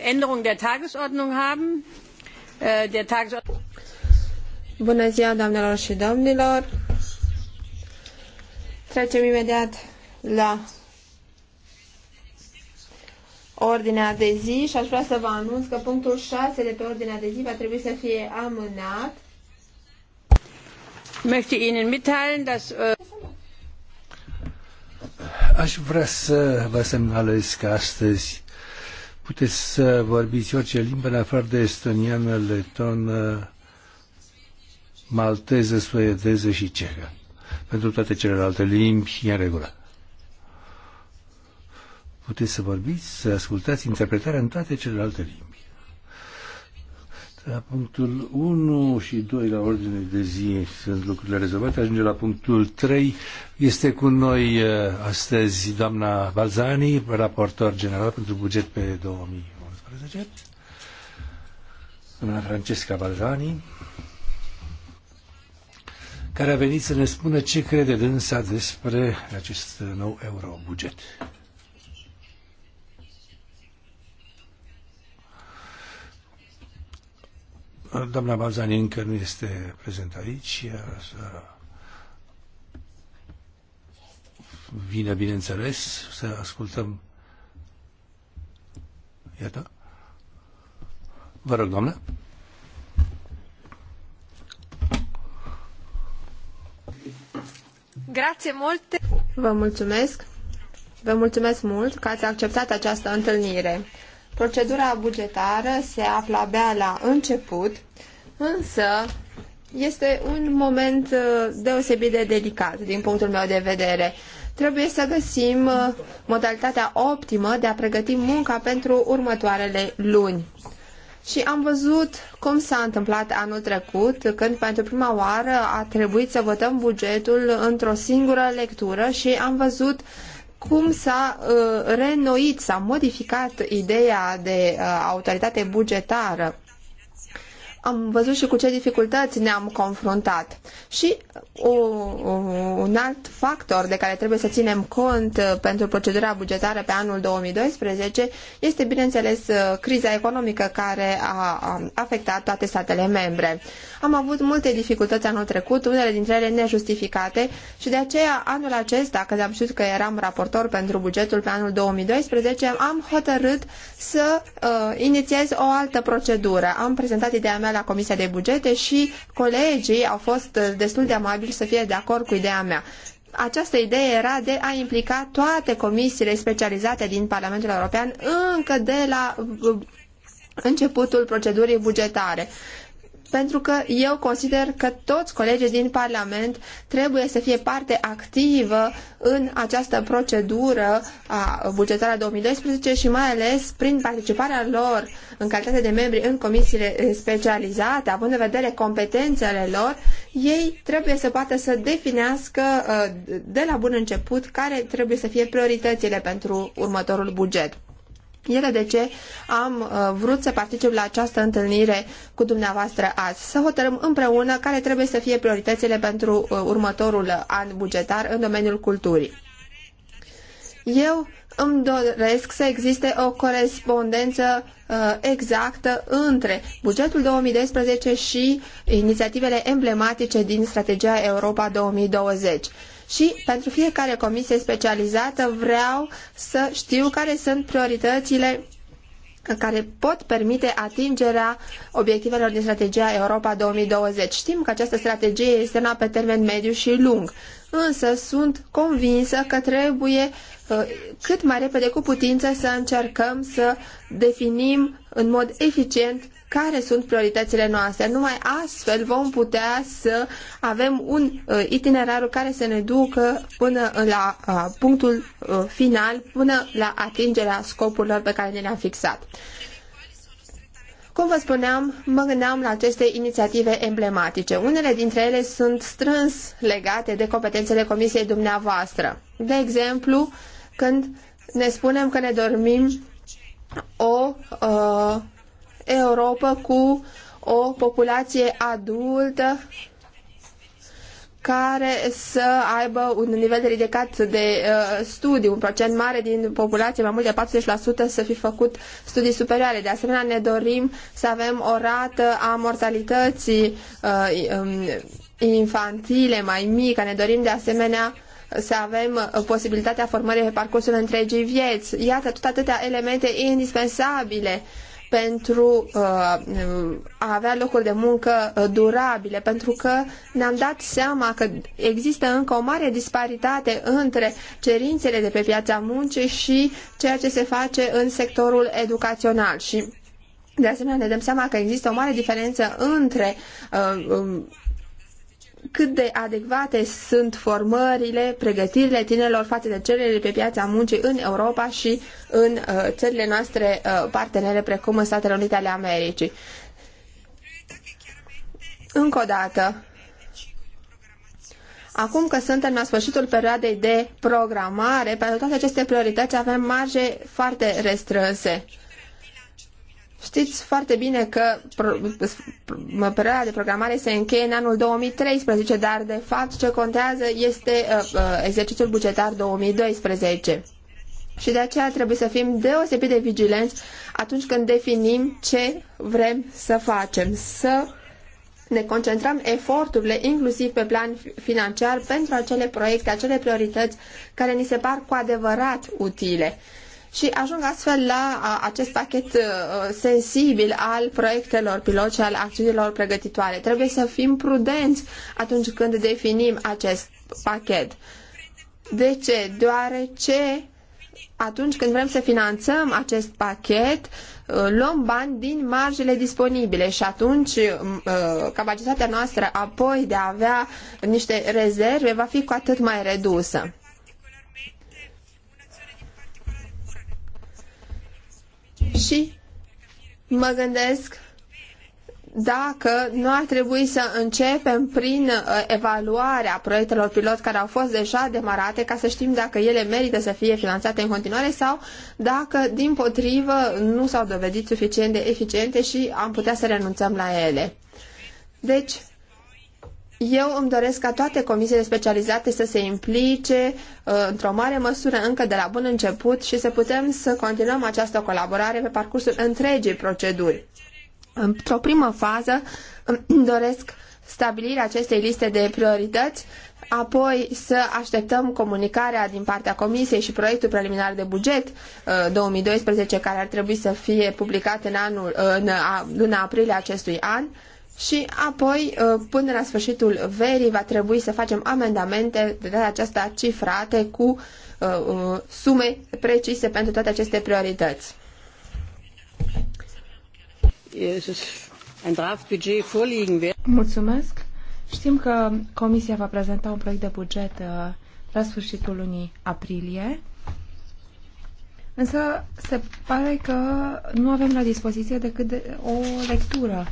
Änderung der Tagesordnung haben. Äh, der Tagesordnung. Bună ziua, doamnelor și domnilor. Trecem imediat la ordinea de zi și aș vrea să vă anunț că punctul 6 de pe ordinea de zi va trebui să fie amânat. Möchte Ihnen mitteilen, dass äh, Aș vrea să vă semnalez că astăzi Puteți să vorbiți orice limbă, în afară de estoniană, letonă, malteză, suedeză și cehă. Pentru toate celelalte limbi e în regulă. Puteți să vorbiți, să ascultați interpretarea în toate celelalte limbi. La punctul 1 și 2 la ordine de zi sunt lucrurile rezolvate. Ajunge la punctul 3. Este cu noi uh, astăzi doamna Balzani, raportor general pentru buget pe 2011. Doamna Francesca Balzani, care a venit să ne spună ce crede dânsa despre acest nou eurobuget. buget. Doamna Balzani încă nu este prezent aici. Să vină, bineînțeles, să ascultăm. Iată. Vă rog, doamnă. Grație multe! Vă mulțumesc! Vă mulțumesc mult că ați acceptat această întâlnire. Procedura bugetară se află abia la început, însă este un moment uh, deosebit de delicat din punctul meu de vedere. Trebuie să găsim uh, modalitatea optimă de a pregăti munca pentru următoarele luni. Și am văzut cum s-a întâmplat anul trecut, când pentru prima oară a trebuit să votăm bugetul într-o singură lectură și am văzut uh, cum s-a uh, reînnoit, s-a modificat ideea de uh, autoritate bugetară am văzut și cu ce dificultăți ne-am confruntat. Și o, uh, uh, un alt factor de care trebuie să ținem cont uh, pentru procedura bugetară pe anul 2012 este, bineînțeles, criza economică care a afectat toate statele membre. Am avut multe dificultăți anul trecut, unele dintre ele nejustificate și de aceea anul acesta, când am știut că eram raportor pentru bugetul pe anul 2012, am hotărât să uh, inițiez o altă procedură. Am prezentat ideea mea noi la Comisia de Bugete și colegii au fost destul de amabili să fie de acord cu ideea mea. Această idee era de a implica toate comisiile specializate din Parlamentul European încă de la începutul procedurii bugetare pentru că eu consider că toți colegii din Parlament trebuie să fie parte activă în această procedură a bugetară 2012 și mai ales prin participarea lor în calitate de membri în comisiile specializate, având în vedere competențele lor, ei trebuie să poată să definească uh, de la bun început care trebuie să fie prioritățile pentru următorul buget. Iată de ce am uh, vrut să particip la această întâlnire cu dumneavoastră azi, să hotărâm împreună care trebuie să fie prioritățile pentru uh, următorul an bugetar în domeniul culturii. Eu îmi doresc să existe o corespondență uh, exactă între bugetul 2012 și inițiativele emblematice din strategia Europa 2020 și pentru fiecare comisie specializată vreau să știu care sunt prioritățile care pot permite atingerea obiectivelor din strategia Europa 2020. Știm că această strategie este una pe termen mediu și lung, însă sunt convinsă că trebuie uh, cât mai repede cu putință să încercăm să definim în mod eficient care sunt prioritățile noastre. Numai astfel vom putea să avem un uh, itinerar care să ne ducă până la uh, punctul uh, final, până la atingerea scopurilor pe care ne le-am fixat. Cum vă spuneam, mă gândeam la aceste inițiative emblematice. Unele dintre ele sunt strâns legate de competențele comisiei dumneavoastră. De exemplu, când ne spunem că ne dormim o uh, Europa cu o populație adultă care să aibă un nivel ridicat de uh, studii, un procent mare din populație, mai mult de 40% să fi făcut studii superioare. De asemenea, ne dorim să avem o rată a mortalității uh, um, infantile mai mică. Ne dorim de asemenea să avem uh, posibilitatea formării pe parcursul întregii vieți. Iată tot atâtea elemente indispensabile uh, pentru uh, a avea locuri de muncă uh, durabile, pentru că ne-am dat seama că există încă o mare disparitate între cerințele de pe piața muncii și ceea ce se face în sectorul educațional. Și de asemenea, ne dăm seama că există o mare diferență între uh, um, cât de adecvate sunt formările, pregătirile tinerilor față de cererile pe piața muncii în Europa și în uh, țările noastre uh, partenere, precum în Statele Unite ale Americii. Încă o dată, acum că suntem la sfârșitul perioadei de programare, pentru toate aceste priorități avem marje foarte restrânse. Știți foarte bine că perioada de programare se încheie în anul 2013, dar de fapt ce contează este uh, uh, exercițiul bugetar 2012. Și de aceea trebuie să fim deosebit de vigilenți atunci când definim ce vrem să facem, să ne concentrăm eforturile inclusiv pe plan financiar pentru acele proiecte, acele priorități care ni se par cu adevărat utile și ajung astfel la acest pachet uh, sensibil al proiectelor pilot și al acțiunilor pregătitoare. Trebuie să fim prudenți atunci când definim acest pachet. De ce? Deoarece atunci când vrem să finanțăm acest pachet, uh, luăm bani din marjele disponibile și atunci uh, capacitatea noastră apoi de a avea niște rezerve va fi cu atât mai redusă. Și mă gândesc dacă nu ar trebui să începem prin uh, evaluarea proiectelor pilot care au fost deja demarate ca să știm dacă ele merită să fie finanțate în continuare sau dacă, din potrivă, nu s-au dovedit suficient de eficiente și am putea să renunțăm la ele. Deci, eu îmi doresc ca toate comisiile specializate să se implice uh, într-o mare măsură încă de la bun început și să putem să continuăm această colaborare pe parcursul întregii proceduri. Într-o primă fază îmi doresc stabilirea acestei liste de priorități, apoi să așteptăm comunicarea din partea Comisiei și proiectul preliminar de buget 2012 uh, care ar trebui să fie publicat în, anul, în luna aprilie acestui an și apoi, uh, până la sfârșitul verii, va trebui să facem amendamente de data aceasta cifrate cu uh, uh, sume precise pentru toate aceste priorități. Mulțumesc. Știm că Comisia va prezenta un proiect de buget la sfârșitul lunii aprilie. Însă se pare că nu avem la dispoziție decât de o lectură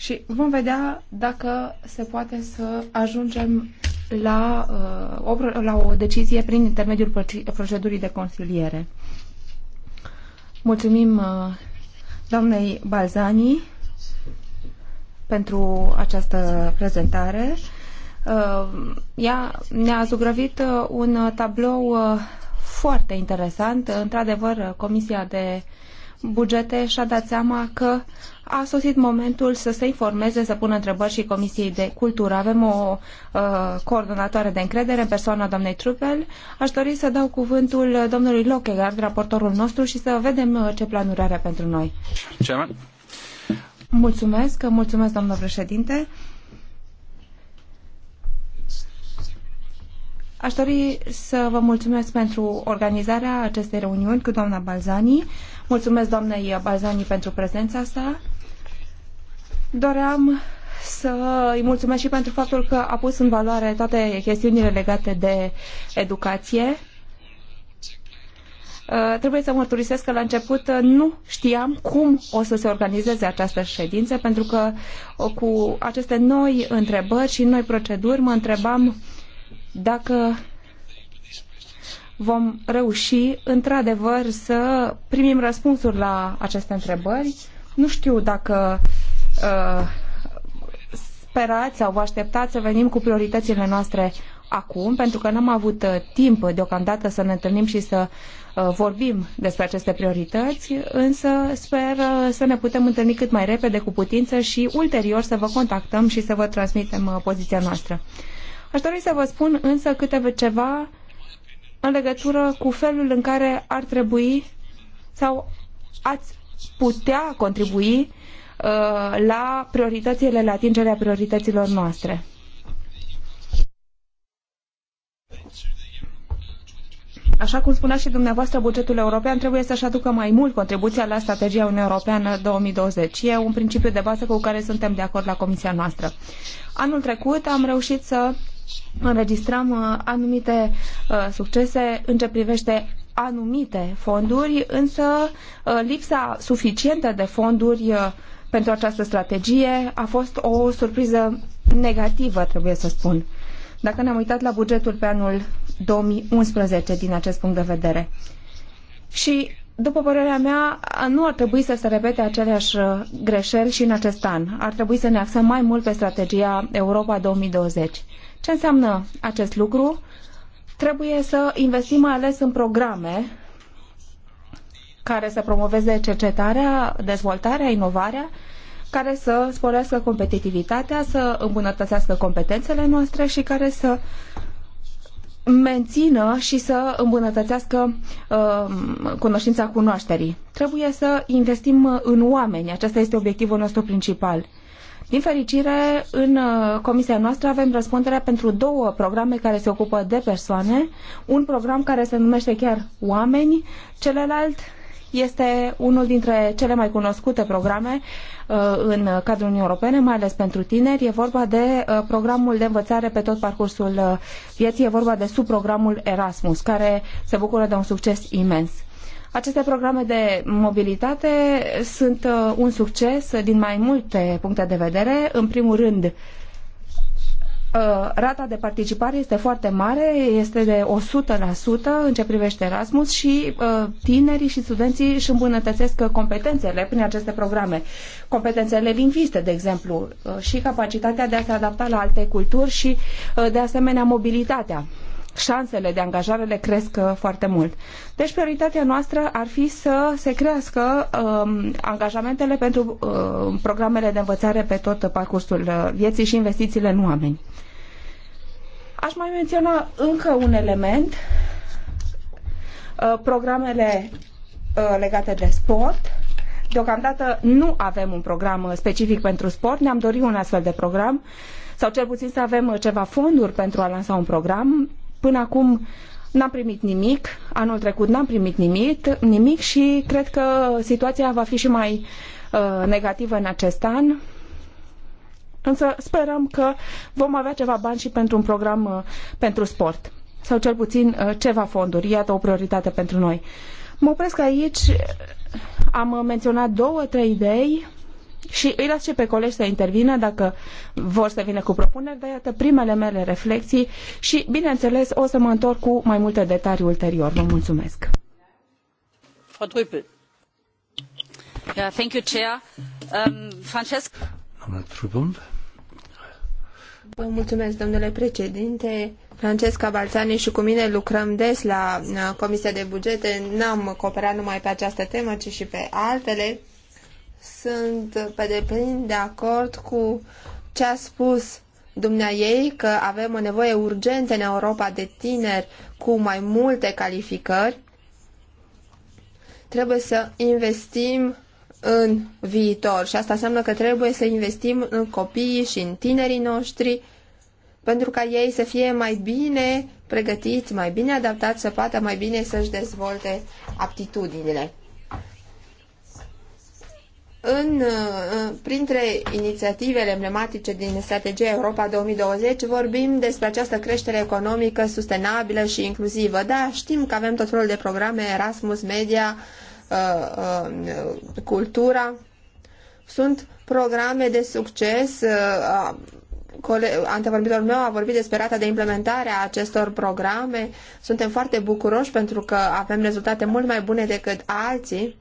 și vom vedea dacă se poate să ajungem la, uh, o, la o decizie prin intermediul procedurii de consiliere. Mulțumim uh, doamnei Balzani pentru această prezentare. Uh, ea ne-a zugrăvit uh, un tablou uh, foarte interesant. Într-adevăr, Comisia de uh, bugete și-a dat seama că a sosit momentul să se informeze, să pună întrebări și Comisiei de Cultură. Avem o uh, coordonatoare de încredere în persoana doamnei Trupel. Aș dori să dau cuvântul domnului Lochegard, raportorul nostru, și să vedem uh, ce planuri are pentru noi. Chairman. Mulțumesc, mulțumesc, domnul președinte. Aș dori să vă mulțumesc pentru organizarea acestei reuniuni cu doamna Balzani. Mulțumesc doamnei Balzani pentru prezența sa. Doream să îi mulțumesc și pentru faptul că a pus în valoare toate chestiunile legate de educație. Uh, trebuie să mărturisesc că la început uh, nu știam cum o să se organizeze această ședință, pentru că uh, cu aceste noi întrebări și noi proceduri mă întrebam uh, dacă vom reuși într-adevăr să primim răspunsuri la aceste întrebări. Nu știu dacă uh, sperați sau vă așteptați să venim cu prioritățile noastre acum, pentru că n-am avut uh, timp deocamdată să ne întâlnim și să uh, vorbim despre aceste priorități, însă sper uh, să ne putem întâlni cât mai repede cu putință și ulterior să vă contactăm și să vă transmitem poziția noastră. Aș dori să vă spun însă câteva ceva în legătură cu felul în care ar trebui sau ați putea contribui uh, la prioritățile, la atingerea priorităților noastre. Așa cum spunea și dumneavoastră, bugetul european trebuie să-și aducă mai mult contribuția la strategia Uniunii Europeană 2020. E un principiu de bază cu care suntem de acord la comisia noastră. Anul trecut am reușit să înregistrăm uh, anumite uh, succese în ce privește anumite fonduri, însă uh, lipsa suficientă de fonduri pentru această strategie a fost o surpriză negativă, trebuie să spun. Dacă ne-am uitat la bugetul pe anul 2011 din acest punct de vedere. Și după părerea mea, nu ar trebui să se repete aceleași greșeli și în acest an. Ar trebui să ne axăm mai mult pe strategia Europa 2020. Ce înseamnă acest lucru? Trebuie să investim mai ales în programe care să promoveze cercetarea, dezvoltarea, inovarea, care să sporească competitivitatea, să îmbunătățească competențele noastre și care să mențină și să îmbunătățească uh, cunoștința cunoașterii. Trebuie să investim în oameni. Acesta este obiectivul nostru principal. Din fericire, în uh, comisia noastră avem răspunderea pentru două programe care se ocupă de persoane. Un program care se numește chiar Oameni, celălalt este unul dintre cele mai cunoscute programe uh, în cadrul Uniunii Europene, mai ales pentru tineri. E vorba de uh, programul de învățare pe tot parcursul vieții, e vorba de subprogramul Erasmus, care se bucură de un succes imens. Aceste programe de mobilitate sunt uh, un succes din mai multe puncte de vedere. În primul rând, uh, rata de participare este foarte mare, este de 100% în ce privește Erasmus și uh, tinerii și studenții își îmbunătățesc competențele prin aceste programe. Competențele lingviste, de exemplu, și capacitatea de a se adapta la alte culturi și, de asemenea, mobilitatea șansele de angajare le cresc uh, foarte mult. Deci prioritatea noastră ar fi să se crească um, angajamentele pentru um, programele de învățare pe tot parcursul uh, vieții și investițiile în oameni. Aș mai menționa încă un element, uh, programele legate de sport, Deocamdată nu avem un program specific pentru sport, ne-am dorit un astfel de program sau cel puțin să avem ceva fonduri pentru a lansa un program. Până acum n-am primit nimic, anul trecut n-am primit nimic, nimic și cred că situația va fi și mai uh, negativă în acest an. Însă sperăm că vom avea ceva bani și pentru un program uh, pentru sport sau cel puțin uh, ceva fonduri. Iată o prioritate pentru noi. Mă opresc aici. Am menționat două, trei idei și îi las și pe colegi să intervină dacă vor să vină cu propuneri, dar iată primele mele reflexii și, bineînțeles, o să mă întorc cu mai multe detalii ulterior. Vă mulțumesc! thank you, Chair. Ähm, Vă mulțumesc, domnule președinte. Francesca Balțani și cu mine lucrăm des la uh, Comisia de Bugete. N-am cooperat numai pe această temă, ci și pe altele sunt pe deplin de acord cu ce a spus dumnea ei că avem o nevoie urgentă în Europa de tineri cu mai multe calificări. Trebuie să investim în viitor și asta înseamnă că trebuie să investim în copiii și în tinerii noștri pentru ca ei să fie mai bine pregătiți, mai bine adaptați, să poată mai bine să-și dezvolte aptitudinile. În, uh, uh, printre inițiativele emblematice din strategia Europa 2020 vorbim despre această creștere economică sustenabilă și inclusivă. Da, știm că avem tot felul de programe, Erasmus, Media, uh, Cultura. Sunt programe de succes. Antevorbitorul meu a vorbit despre rata de implementare a acestor programe. Suntem foarte bucuroși pentru că avem rezultate mult mai bune decât alții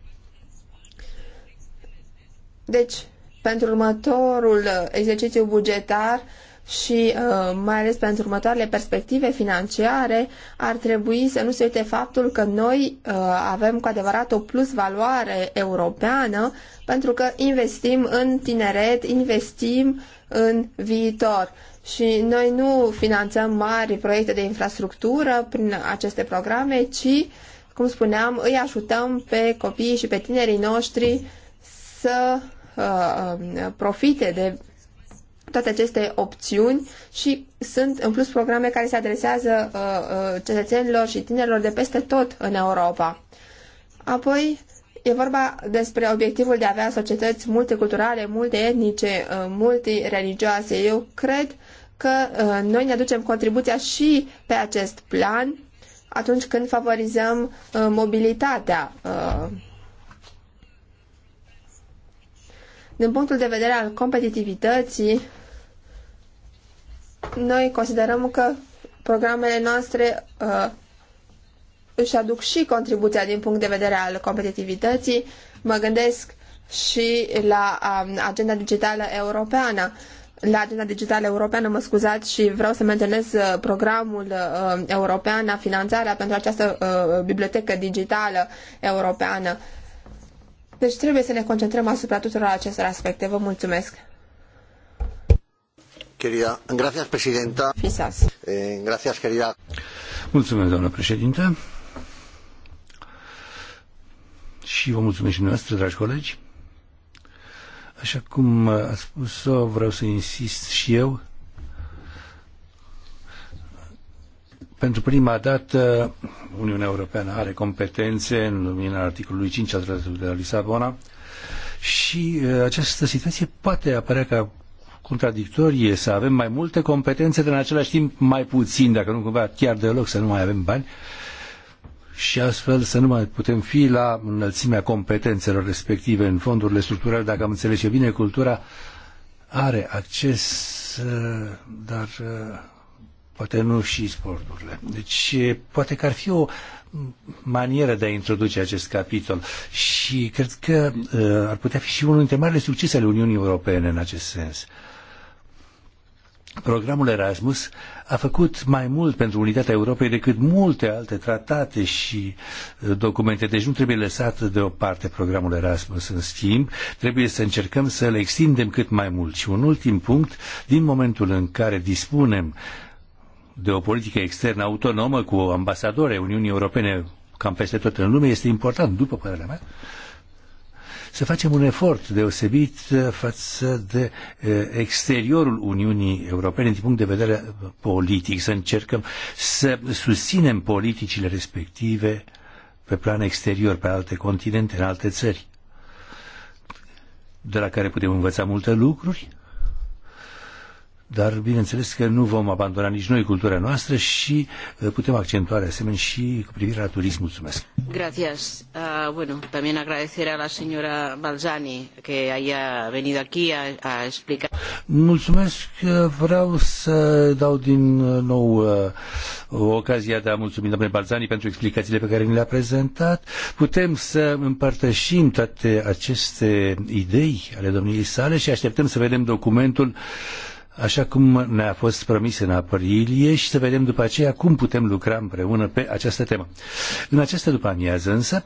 deci, pentru următorul uh, exercițiu bugetar și uh, mai ales pentru următoarele perspective financiare, ar trebui să nu se uite faptul că noi uh, avem cu adevărat o plus valoare europeană pentru că investim în tineret, investim în viitor. Și noi nu finanțăm mari proiecte de infrastructură prin aceste programe, ci, cum spuneam, îi ajutăm pe copiii și pe tinerii noștri să Uh, um, profite de toate aceste opțiuni și sunt în plus programe care se adresează uh, uh, cetățenilor și tinerilor de peste tot în Europa. Apoi, E vorba despre obiectivul de a avea societăți multiculturale, multietnice, multireligioase. Eu cred că noi ne aducem contribuția și pe acest plan atunci când favorizăm mobilitatea Din punctul de vedere al competitivității, noi considerăm că programele noastre uh, își aduc și contribuția din punct de vedere al competitivității. Mă gândesc și la um, agenda digitală europeană. La agenda digitală europeană, mă scuzați, și vreau să menționez uh, programul uh, european, finanțarea pentru această uh, bibliotecă digitală europeană. Uh, deci trebuie să ne concentrăm asupra tuturor acestor aspecte. Vă mulțumesc! Querida, gracias, presidenta. Fisas. Eh, gracias, querida. Mulțumesc, doamnă președinte. Și vă mulțumesc și noastră, dragi colegi. Așa cum a spus-o, vreau să insist și eu Pentru prima dată, Uniunea Europeană are competențe în lumina articolului 5 al Tratatului de la Lisabona și uh, această situație poate apărea ca contradictorie, să avem mai multe competențe, dar în același timp mai puțin, dacă nu cumva chiar deloc să nu mai avem bani și astfel să nu mai putem fi la înălțimea competențelor respective în fondurile structurale, dacă am înțeles bine, cultura are acces, uh, dar uh, poate nu și sporturile. Deci poate că ar fi o manieră de a introduce acest capitol și cred că ar putea fi și unul dintre marile succese ale Uniunii Europene în acest sens. Programul Erasmus a făcut mai mult pentru unitatea Europei decât multe alte tratate și documente, deci nu trebuie lăsat deoparte programul Erasmus. În schimb, trebuie să încercăm să le extindem cât mai mult. Și un ultim punct, din momentul în care dispunem uh, de o politică externă autonomă cu ambasadore Uniunii Europene cam peste tot în lume este important, după părerea mea, să facem un efort deosebit față de exteriorul Uniunii Europene din punct de vedere politic, să încercăm să susținem politicile respective pe plan exterior, pe alte continente, în alte țări, de la care putem învăța multe lucruri dar bineînțeles că nu vom abandona nici noi cultura noastră și uh, putem accentua de asemenea și cu privire la turism. Mulțumesc. Gracias. Uh, bueno, también agradecer a la señora Balzani que haya venido aquí a, a explicar. Mulțumesc. Vreau să dau din nou uh, ocazia de a mulțumi domnului Balzani pentru explicațiile pe care ni le-a prezentat. Putem să împărtășim toate aceste idei ale domniei sale și așteptăm să vedem documentul așa cum ne-a fost promis în aprilie și să vedem după aceea cum putem lucra împreună pe această temă. În această după amiază însă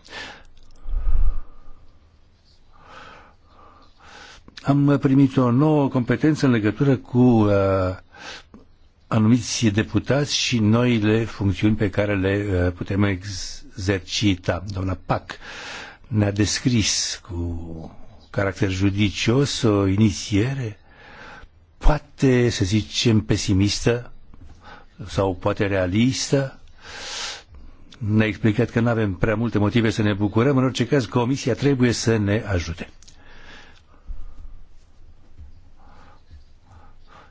am primit o nouă competență în legătură cu uh, anumiți deputați și noile funcțiuni pe care le uh, putem exercita. Doamna Pac ne-a descris cu caracter judicios o inițiere poate, să zicem, pesimistă sau poate realistă. Ne-a explicat că nu avem prea multe motive să ne bucurăm. În orice caz, Comisia trebuie să ne ajute.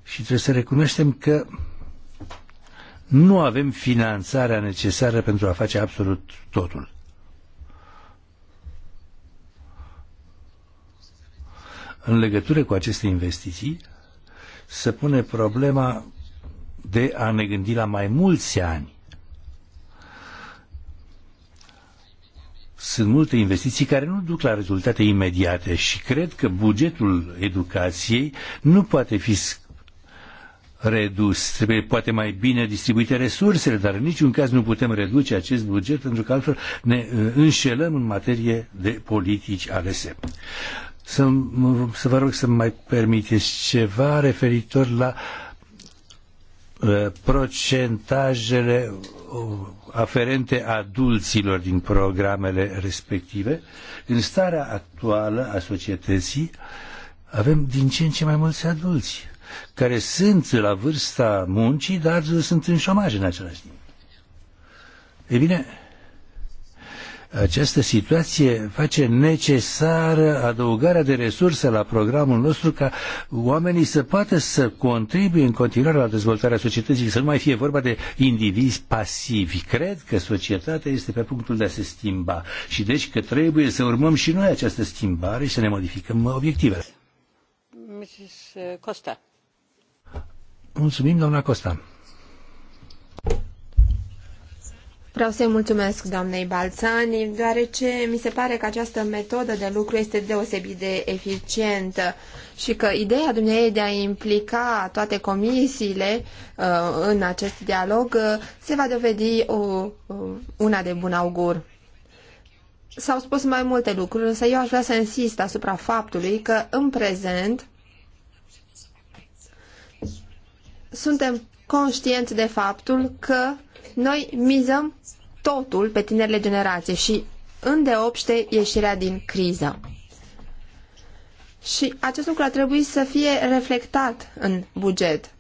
Și trebuie să recunoaștem că nu avem finanțarea necesară pentru a face absolut totul. În legătură cu aceste investiții, se pune problema de a ne gândi la mai mulți ani. Sunt multe investiții care nu duc la rezultate imediate și cred că bugetul educației nu poate fi redus. Trebuie poate mai bine distribuite resursele, dar în niciun caz nu putem reduce acest buget pentru că altfel ne uh, înșelăm în materie de politici alese să, să vă rog să mai permiteți ceva referitor la uh, procentajele uh, aferente adulților din programele respective. În starea actuală a societății avem din ce în ce mai mulți adulți care sunt la vârsta muncii, dar sunt în șomaj în același timp. E bine, această situație face necesară adăugarea de resurse la programul nostru ca oamenii să poată să contribuie în continuare la dezvoltarea societății, să nu mai fie vorba de indivizi pasivi. Cred că societatea este pe punctul de a se schimba și deci că trebuie să urmăm și noi această schimbare și să ne modificăm obiectivele. Mrs. Costa. Mulțumim, doamna Costa. Vreau să-i mulțumesc doamnei Balțani, deoarece mi se pare că această metodă de lucru este deosebit de eficientă și că ideea dumneavoastră de a implica toate comisiile uh, în acest dialog uh, se va dovedi o, uh, uh, una de bun augur. S-au spus mai multe lucruri, însă eu aș vrea să insist asupra faptului că în prezent suntem conștienți de faptul că uh, noi mizăm totul pe tinerile generații și îndeopște ieșirea din criză. Și acest lucru a trebuit să fie reflectat în buget.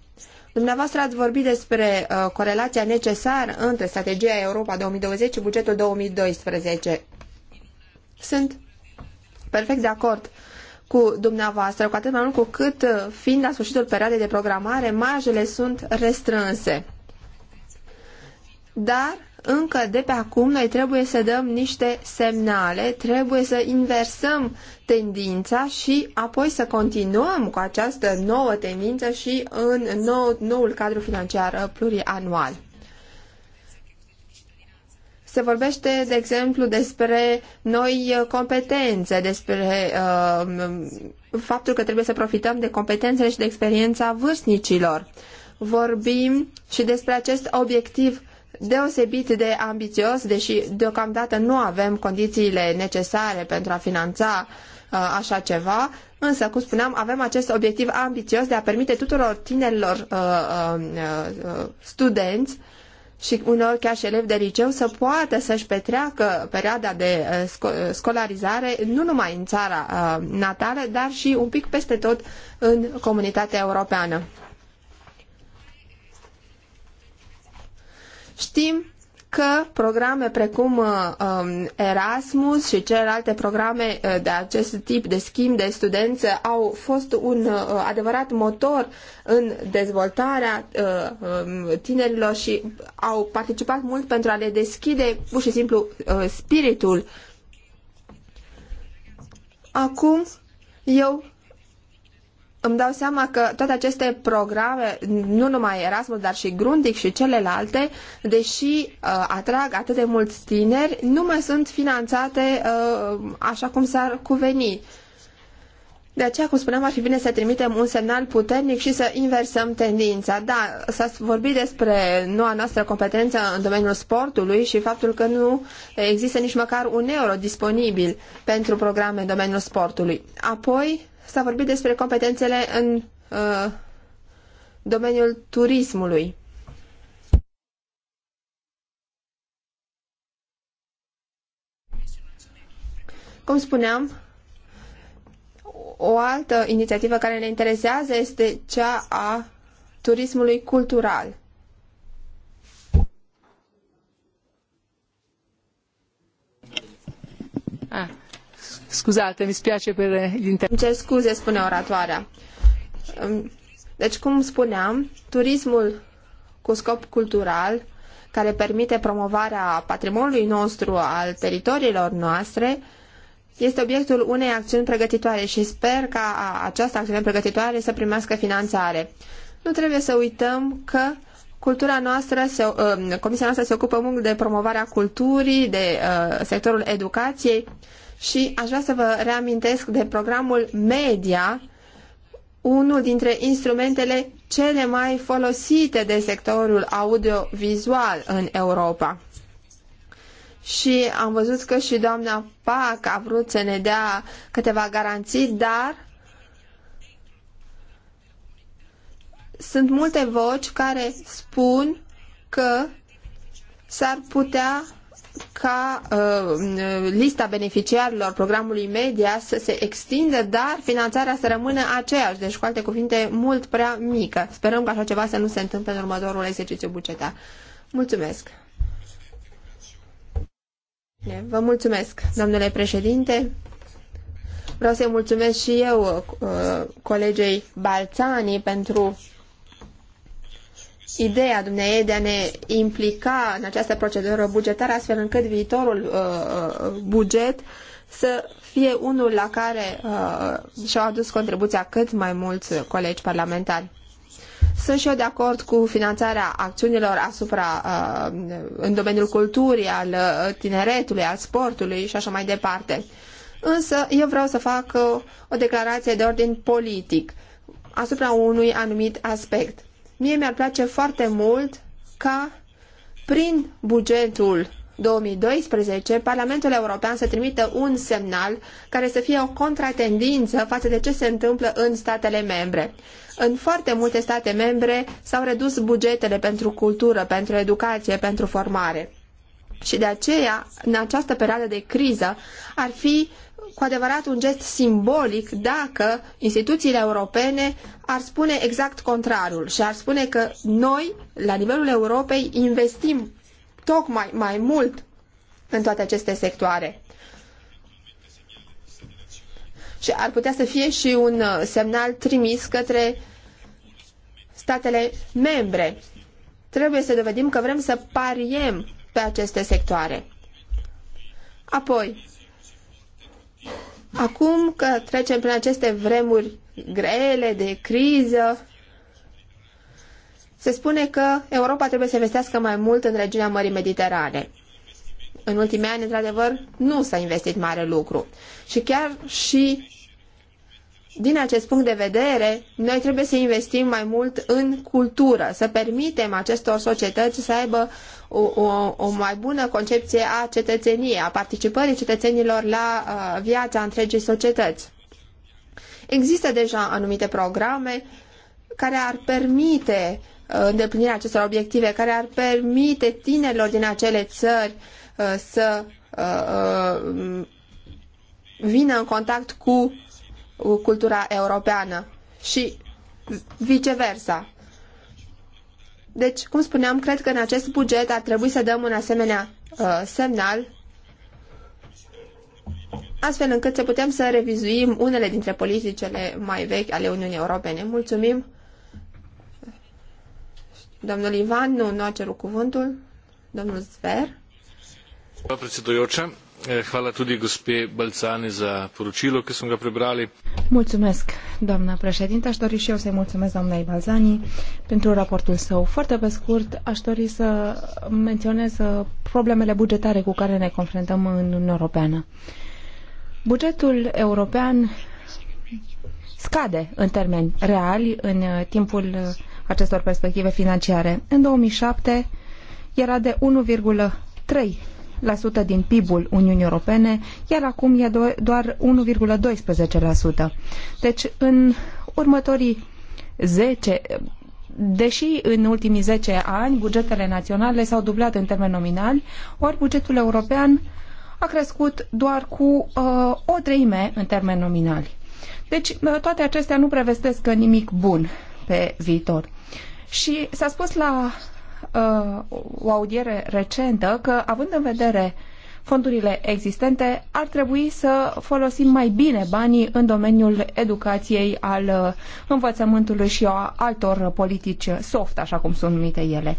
Dumneavoastră ați vorbit despre uh, corelația necesară între strategia Europa 2020 și bugetul 2012. Sunt perfect de acord cu dumneavoastră, cu atât mai mult cu cât, uh, fiind la sfârșitul perioadei de programare, marjele sunt restrânse. Dar încă de pe acum noi trebuie să dăm niște semnale, trebuie să inversăm tendința și apoi să continuăm cu această nouă tendință și în nou, noul cadru financiar plurianual. Se vorbește, de exemplu, despre noi competențe, despre uh, faptul că trebuie să profităm de competențele și de experiența vârstnicilor. Vorbim și despre acest obiectiv deosebit de ambițios, deși deocamdată nu avem condițiile necesare pentru a finanța uh, așa ceva, însă, cum spuneam, avem acest obiectiv ambițios de a permite tuturor tinerilor uh, uh, uh studenți și uneori chiar și elevi de liceu să poată să-și petreacă perioada de uh, uh, scolarizare nu numai în țara natală, dar și un pic peste tot în comunitatea europeană. Știm că programe precum uh, um, Erasmus și celelalte programe uh, de acest tip de schimb de studenți au fost un uh, adevărat motor în dezvoltarea um, tinerilor și au participat mult pentru a le deschide pur și simplu spiritul. Acum eu îmi dau seama că toate aceste programe, nu numai Erasmus, dar și Grundig și celelalte, deși uh, atrag atât de mulți tineri, nu mai sunt finanțate uh, așa cum s-ar cuveni. De aceea, cum spuneam, ar fi bine să trimitem un semnal puternic și să inversăm tendința. Da, s-a vorbit despre noua noastră competență în domeniul sportului și faptul că nu există nici măcar un euro disponibil pentru programe în domeniul sportului. Apoi, S-a vorbit despre competențele în uh, domeniul turismului. Cum spuneam, o altă inițiativă care ne interesează este cea a turismului cultural. Ah. Scuzate, mi spiace per l'inter... scuze, spune oratoarea. Deci, cum spuneam, turismul cu scop cultural, care permite promovarea patrimoniului nostru, al teritoriilor noastre, este obiectul unei acțiuni pregătitoare și sper ca această acțiune pregătitoare să primească finanțare. Nu trebuie să uităm că cultura noastră se, ă, comisia noastră se ocupă mult de promovarea culturii, de ă, sectorul educației și aș vrea să vă reamintesc de programul Media, unul dintre instrumentele cele mai folosite de sectorul audiovizual în Europa. Și am văzut că și doamna PAC a vrut să ne dea câteva garanții, dar sunt multe voci care spun că s-ar putea ca uh, lista beneficiarilor programului media să se extindă, dar finanțarea să rămână aceeași, deci cu alte cuvinte mult prea mică. Sperăm că așa ceva să nu se întâmple în următorul exercițiu bugetar. Mulțumesc! Vă mulțumesc, domnule președinte. Vreau să-i mulțumesc și eu uh, colegei Balțani pentru ideea dumneavoastră de a ne implica în această procedură bugetară astfel încât viitorul uh, uh, buget să fie unul la care uh, și-au adus contribuția cât mai mulți colegi parlamentari. Sunt și eu de acord cu finanțarea acțiunilor asupra, uh, în domeniul culturii, al uh, tineretului, al sportului și așa mai departe. Însă eu vreau să fac uh, o declarație de ordin politic asupra unui anumit aspect. Mie mi-ar place foarte mult ca prin bugetul 2012, Parlamentul European să trimită un semnal care să fie o contratendință față de ce se întâmplă în statele membre. În foarte multe state membre s-au redus bugetele pentru cultură, pentru educație, pentru formare. Și de aceea, în această perioadă de criză, ar fi cu adevărat un gest simbolic dacă instituțiile europene ar spune exact contrarul și ar spune că noi, la nivelul Europei, investim tocmai mai mult în toate aceste sectoare. Și ar putea să fie și un uh, semnal trimis către statele membre. Trebuie să dovedim că vrem să pariem pe aceste sectoare. Apoi, Acum că trecem prin aceste vremuri grele de criză, se spune că Europa trebuie să investească mai mult în regiunea Mării Mediterane. În ultimii ani, într-adevăr, nu s-a investit mare lucru. Și chiar și din acest punct de vedere, noi trebuie să investim mai mult în cultură, să permitem acestor societăți să aibă o, o, mai bună concepție a cetățeniei, a participării cetățenilor la uh, viața întregii societăți. Există deja anumite programe care ar permite uh, îndeplinirea acestor obiective, care ar permite tinerilor din acele țări uh, să uh, uh, vină în contact cu cultura europeană și viceversa. Deci, cum spuneam, cred că în acest buget ar trebui să dăm un asemenea uh, semnal astfel încât să putem să revizuim unele dintre politicele mai vechi ale Uniunii Europene. Mulțumim! Domnul Ivan, nu, nu a cerut cuvântul. Domnul Zver. Doamna Eh, hvala tudi gospe Balcani za poročilo, ki smo ga prebrali. Mulțumesc, doamna președintă, Aș dori și eu să-i mulțumesc doamnei Balzani pentru raportul său. Foarte pe scurt, aș dori să menționez uh, problemele bugetare cu care ne confruntăm în Uniunea Europeană. Bugetul european scade în termeni reali în uh, timpul uh, acestor perspective financiare. În 2007 era de 1,3 1% din PIB-ul Uniunii Europene, iar acum e doar 1,12%. Deci în următorii 10 Deși în ultimii 10 ani bugetele naționale s-au dublat în termeni nominali, ori bugetul european a crescut doar cu uh, o treime în termeni nominali. Deci uh, toate acestea nu prevestesc nimic bun pe viitor. Și s-a spus la uh, o audiere recentă că, având în vedere fondurile existente, ar trebui să folosim mai bine banii în domeniul educației, al uh, învățământului și a altor politici soft, așa cum sunt numite ele.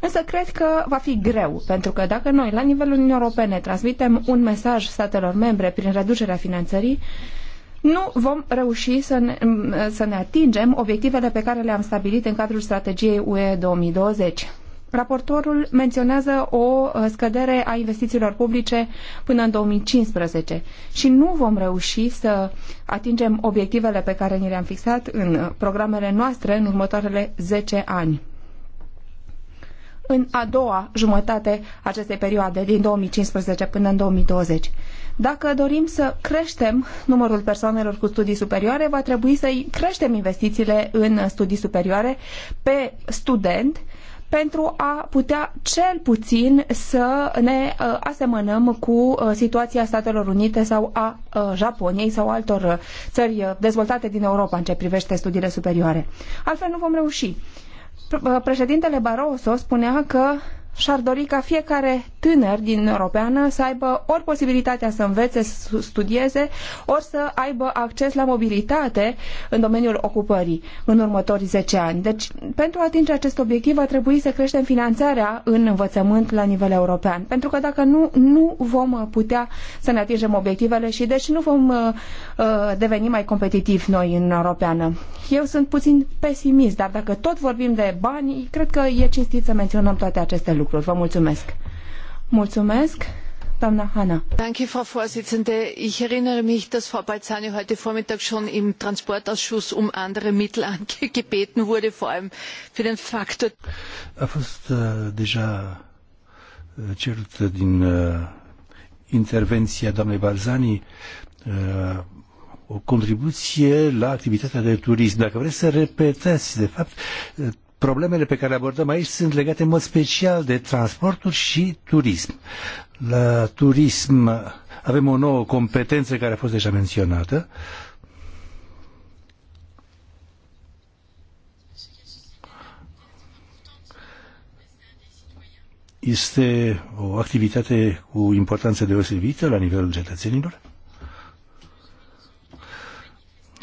Însă cred că va fi greu, pentru că dacă noi, la nivelul Uniunii Europene, transmitem un mesaj statelor membre prin reducerea finanțării, nu vom reuși să ne, mm, să ne atingem obiectivele pe care le-am stabilit în cadrul strategiei UE 2020. Raportorul menționează o uh, scădere a investițiilor publice până în 2015 și nu vom reuși să atingem obiectivele pe care ni le-am fixat în uh, programele noastre în următoarele 10 ani. În a doua jumătate acestei perioade, din 2015 până în 2020. Dacă dorim să creștem numărul persoanelor cu studii superioare, va trebui să creștem investițiile în studii superioare pe student pentru a putea cel puțin să ne uh, asemănăm cu uh, situația Statelor Unite sau a uh, Japoniei sau altor țări dezvoltate din Europa în ce privește studiile superioare. Altfel nu vom reuși. Președintele Barroso spunea că și-ar dori ca fiecare tânăr din Europeană să aibă ori posibilitatea să învețe, să studieze, ori să aibă acces la mobilitate în domeniul ocupării în următorii 10 ani. Deci, pentru a atinge acest obiectiv, va trebui să creștem finanțarea în învățământ la nivel european. Pentru că dacă nu, nu vom putea să ne atingem obiectivele și deci nu vom uh, uh deveni mai competitivi noi în Europeană. Eu sunt puțin pesimist, dar dacă tot vorbim de bani, cred că e cinstit să menționăm toate aceste lucruri lucruri. Vă mulțumesc! Mulțumesc! Doamna Hanna. Danke, Frau Vorsitzende. Ich erinnere mich, dass Frau Balzani heute Vormittag schon im Transportausschuss um andere Mittel gebeten wurde, vor allem für den Faktor. A fost uh, deja uh, cerută din uh, intervenția doamnei Balzani uh, o contribuție la activitatea de turism. Dacă vreți să repetați, de fapt, uh, problemele pe care le abordăm aici sunt legate în mod special de transporturi și turism. La turism avem o nouă competență care a fost deja menționată. Este o activitate cu importanță deosebită la nivelul cetățenilor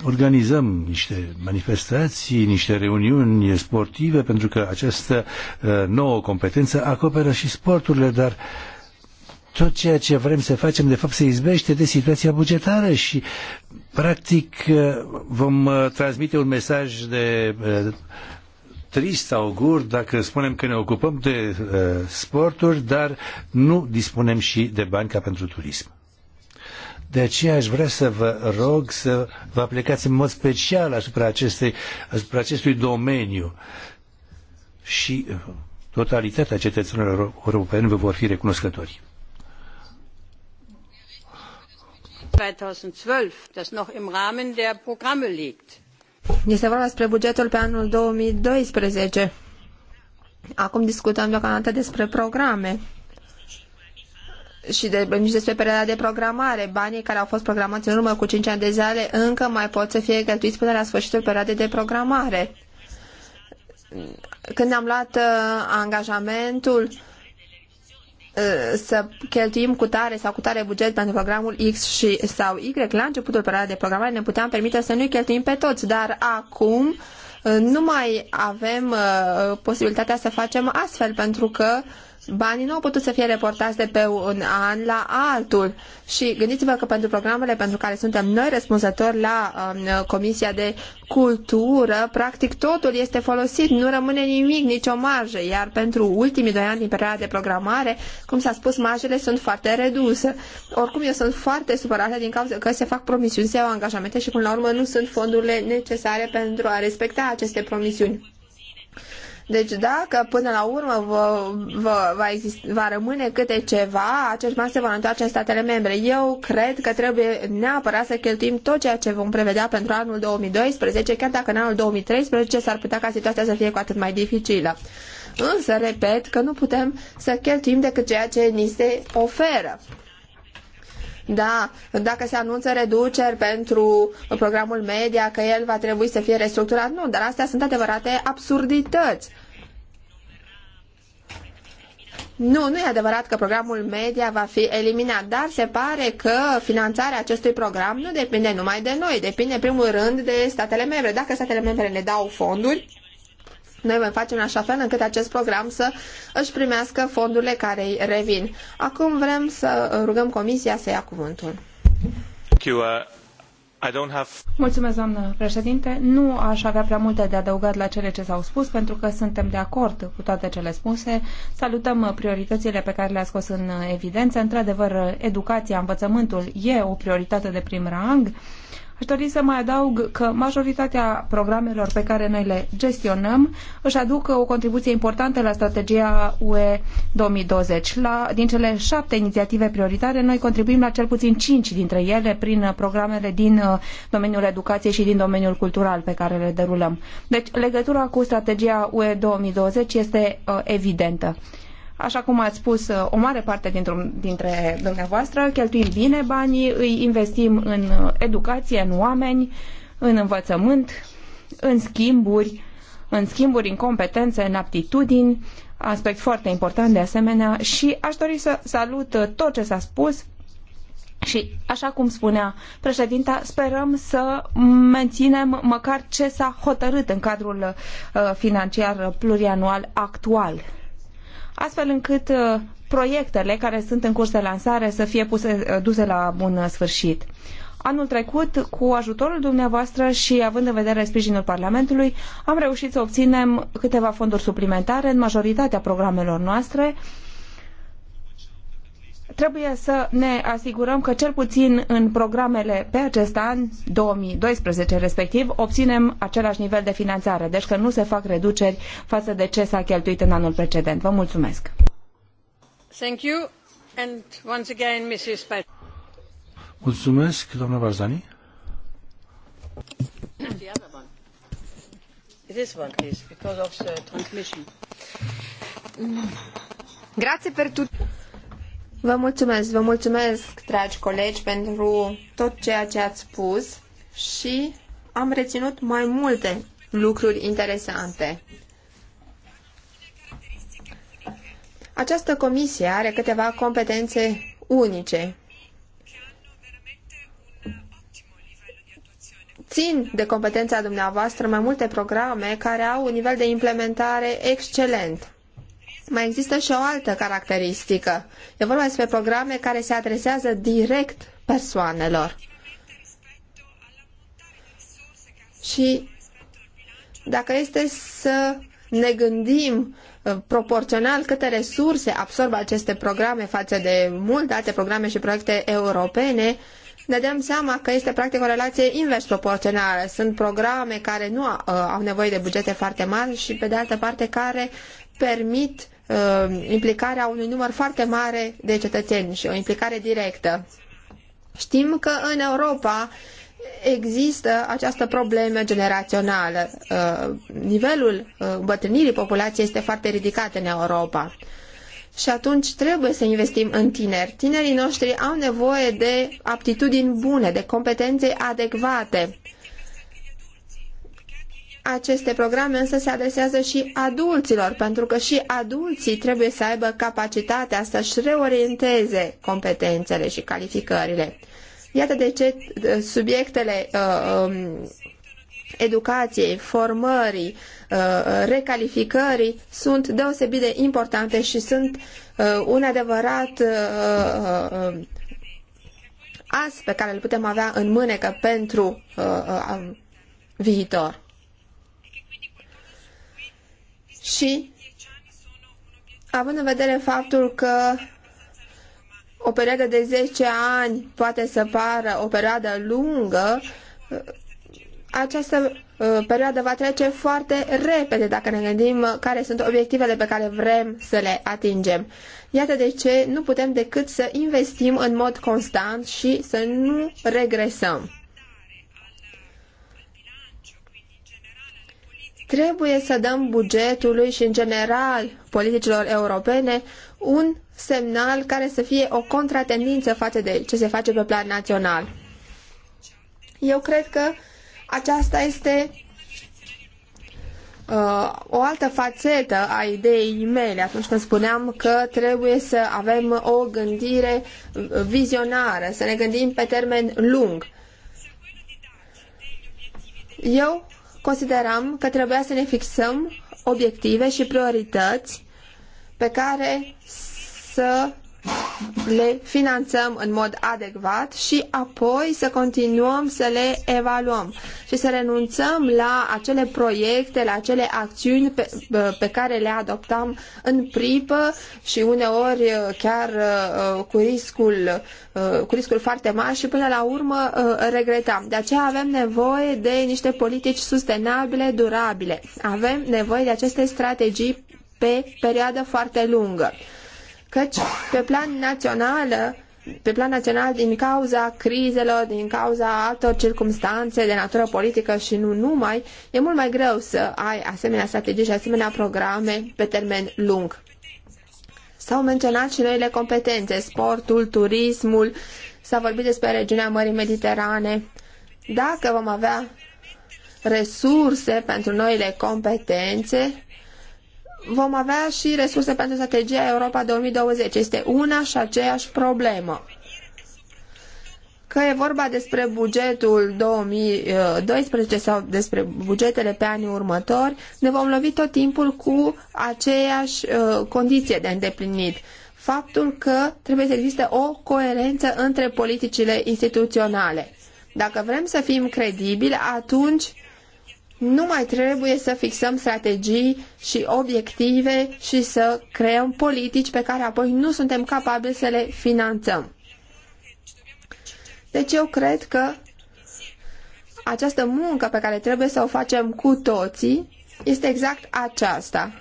organizăm niște manifestații, niște reuniuni sportive, pentru că această uh, nouă competență acoperă și sporturile, dar tot ceea ce vrem să facem, de fapt, se izbește de situația bugetară și, practic, uh, vom uh, transmite un mesaj de trist augur dacă spunem că ne ocupăm de sporturi, dar nu dispunem și de bani ca pentru turism. De aceea aș vrea să vă rog să vă aplicați în mod special asupra, acestei, asupra acestui domeniu și uh, totalitatea cetățenilor europeni vă vor fi recunoscători. 2012, das noch im Rahmen der Programme liegt. Este vorba despre bugetul pe anul 2012. Acum discutăm deocamdată despre programe și de, nici despre perioada de programare. Banii care au fost programați în urmă cu 5 ani de zile încă mai pot să fie cheltuiți până la sfârșitul perioadei de programare. Când am luat uh, angajamentul uh, să cheltuim cu tare sau cu tare buget pentru programul X și, sau Y, la începutul perioadei de programare ne puteam permite să nu-i cheltuim pe toți, dar acum uh, nu mai avem uh, posibilitatea să facem astfel, pentru că uh, Banii nu au putut să fie reportați de pe un an la altul și gândiți-vă că pentru programele pentru care suntem noi răspunzători la um, Comisia de Cultură, practic totul este folosit, nu rămâne nimic, nicio marjă, iar pentru ultimii doi ani din perioada de programare, cum s-a spus, marjele sunt foarte reduse. Oricum, eu sunt foarte supărată din cauza că se fac promisiuni, se iau angajamente și până la urmă nu sunt fondurile necesare pentru a respecta aceste promisiuni. Deci dacă până la urmă vă, vă, va, exist, va rămâne câte ceva, acești bani se vor întoarce în statele membre. Eu cred că trebuie neapărat să cheltuim tot ceea ce vom prevedea pentru anul 2012, chiar dacă în anul 2013 s-ar putea ca situația să fie cu atât mai dificilă. Însă, repet că nu putem să cheltuim decât ceea ce ni se oferă. Da, dacă se anunță reduceri pentru programul media, că el va trebui să fie restructurat, nu, dar astea sunt adevărate absurdități. Nu, nu e adevărat că programul media va fi eliminat, dar se pare că finanțarea acestui program nu depinde numai de noi, depinde în primul rând de statele membre. Dacă statele membre ne dau fonduri, noi vom face în așa fel încât acest program să își primească fondurile care îi revin. Acum vrem să rugăm Comisia să ia cuvântul. Uh, Mulțumesc, doamnă președinte. Nu aș avea prea multe de adăugat la cele ce s-au spus, pentru că suntem de acord cu toate cele spuse. Salutăm prioritățile pe care le-a scos în evidență. Într-adevăr, educația, învățământul e o prioritate de prim rang Aș dori să mai adaug că majoritatea programelor pe care noi le gestionăm își aduc o contribuție importantă la strategia UE 2020. La, din cele șapte inițiative prioritare, noi contribuim la cel puțin cinci dintre ele prin programele din uh, domeniul educației și din domeniul cultural pe care le derulăm. Deci, legătura cu strategia UE 2020 este uh, evidentă așa cum ați spus, uh, o mare parte dintre dumneavoastră cheltuim bine banii, îi investim în uh, educație, în oameni, în învățământ, în schimburi, în schimburi, în competențe, în aptitudini, aspect foarte important de asemenea și aș dori să salut uh, tot ce s-a spus și, așa cum spunea președinta, sperăm să menținem măcar ce s-a hotărât în cadrul financiar plurianual actual astfel încât uh, proiectele care sunt în curs de lansare să fie puse, uh, duse la bun uh, sfârșit. Anul trecut, cu ajutorul dumneavoastră și având în vedere sprijinul Parlamentului, am reușit să obținem câteva fonduri suplimentare în majoritatea programelor noastre, trebuie să ne asigurăm că cel puțin în programele pe acest an, 2012 respectiv, obținem același nivel de finanțare, deci că nu se fac reduceri față de ce s-a cheltuit în anul precedent. Vă mulțumesc! Thank you. And once again, Mrs. Mulțumesc, doamna Barzani. This one, please, because of the transmission. Grazie per tutti. Vă mulțumesc, vă mulțumesc, dragi colegi, pentru tot ceea ce ați spus și am reținut mai multe lucruri interesante. Această comisie are câteva competențe unice. Țin de competența dumneavoastră mai multe programe care au un nivel de implementare excelent. Mai există și o altă caracteristică. E vorba despre programe care se adresează direct persoanelor. Și dacă este să ne gândim uh, proporțional câte resurse absorb aceste programe față de multe alte programe și proiecte europene, ne dăm seama că este practic o relație invers proporțională. Sunt programe care nu uh, au nevoie de bugete foarte mari și, pe de altă parte, care permit Uh, implicarea unui număr foarte mare de cetățeni și o implicare directă. Știm că în Europa există această problemă generațională. Uh, nivelul uh, îmbătrânirii populației este foarte ridicat în Europa. Și atunci trebuie să investim în tineri. Tinerii noștri au nevoie de aptitudini bune, de competențe adecvate aceste programe însă se adresează și adulților, pentru că și adulții trebuie să aibă capacitatea să-și reorienteze competențele și calificările. Iată de ce uh, subiectele uh, um, educației, formării, uh, recalificării sunt deosebit de importante și sunt uh, un adevărat um, as pe care îl putem avea în mânecă pentru um, viitor și având în vedere faptul că o perioadă de 10 ani poate să pară o perioadă lungă, această uh, perioadă va trece foarte repede dacă ne gândim care sunt obiectivele pe care vrem să le atingem. Iată de ce nu putem decât să investim în mod constant și să nu regresăm. Trebuie să dăm bugetului și, în general, politicilor europene un semnal care să fie o contratendință față de ce se face pe plan național. Eu cred că aceasta este uh, o altă fațetă a ideii mele atunci când spuneam că trebuie să avem o gândire vizionară, să ne gândim pe termen lung. Eu considerăm că trebuia să ne fixăm obiective și priorități pe care să le finanțăm în mod adecvat și apoi să continuăm să le evaluăm și să renunțăm la acele proiecte, la acele acțiuni pe, pe care le adoptam în pripă și uneori uh, chiar uh, uh, cu riscul, cu riscul foarte mare și până la urmă regretam. De aceea avem nevoie de niște politici sustenabile, durabile. Avem nevoie de aceste strategii pe perioadă foarte lungă căci pe plan național, pe plan național din cauza crizelor, din cauza altor circumstanțe de natură politică și nu numai, e mult mai greu să ai asemenea strategii și asemenea programe pe termen lung. S-au menționat și noile competențe, sportul, turismul, s-a vorbit despre regiunea Mării Mediterane. Dacă vom avea resurse pentru noile competențe, vom avea și resurse pentru strategia Europa 2020. Este una și aceeași problemă. Că e vorba despre bugetul 2012 sau despre bugetele pe anii următori, ne vom lovi tot timpul cu aceeași uh, condiție de îndeplinit. Faptul că trebuie să existe o coerență între politicile instituționale. Dacă vrem să fim credibili, atunci nu mai trebuie să fixăm strategii și obiective și să creăm politici pe care apoi nu suntem capabili să le finanțăm. Deci eu cred că această muncă pe care trebuie să o facem cu toții este exact aceasta.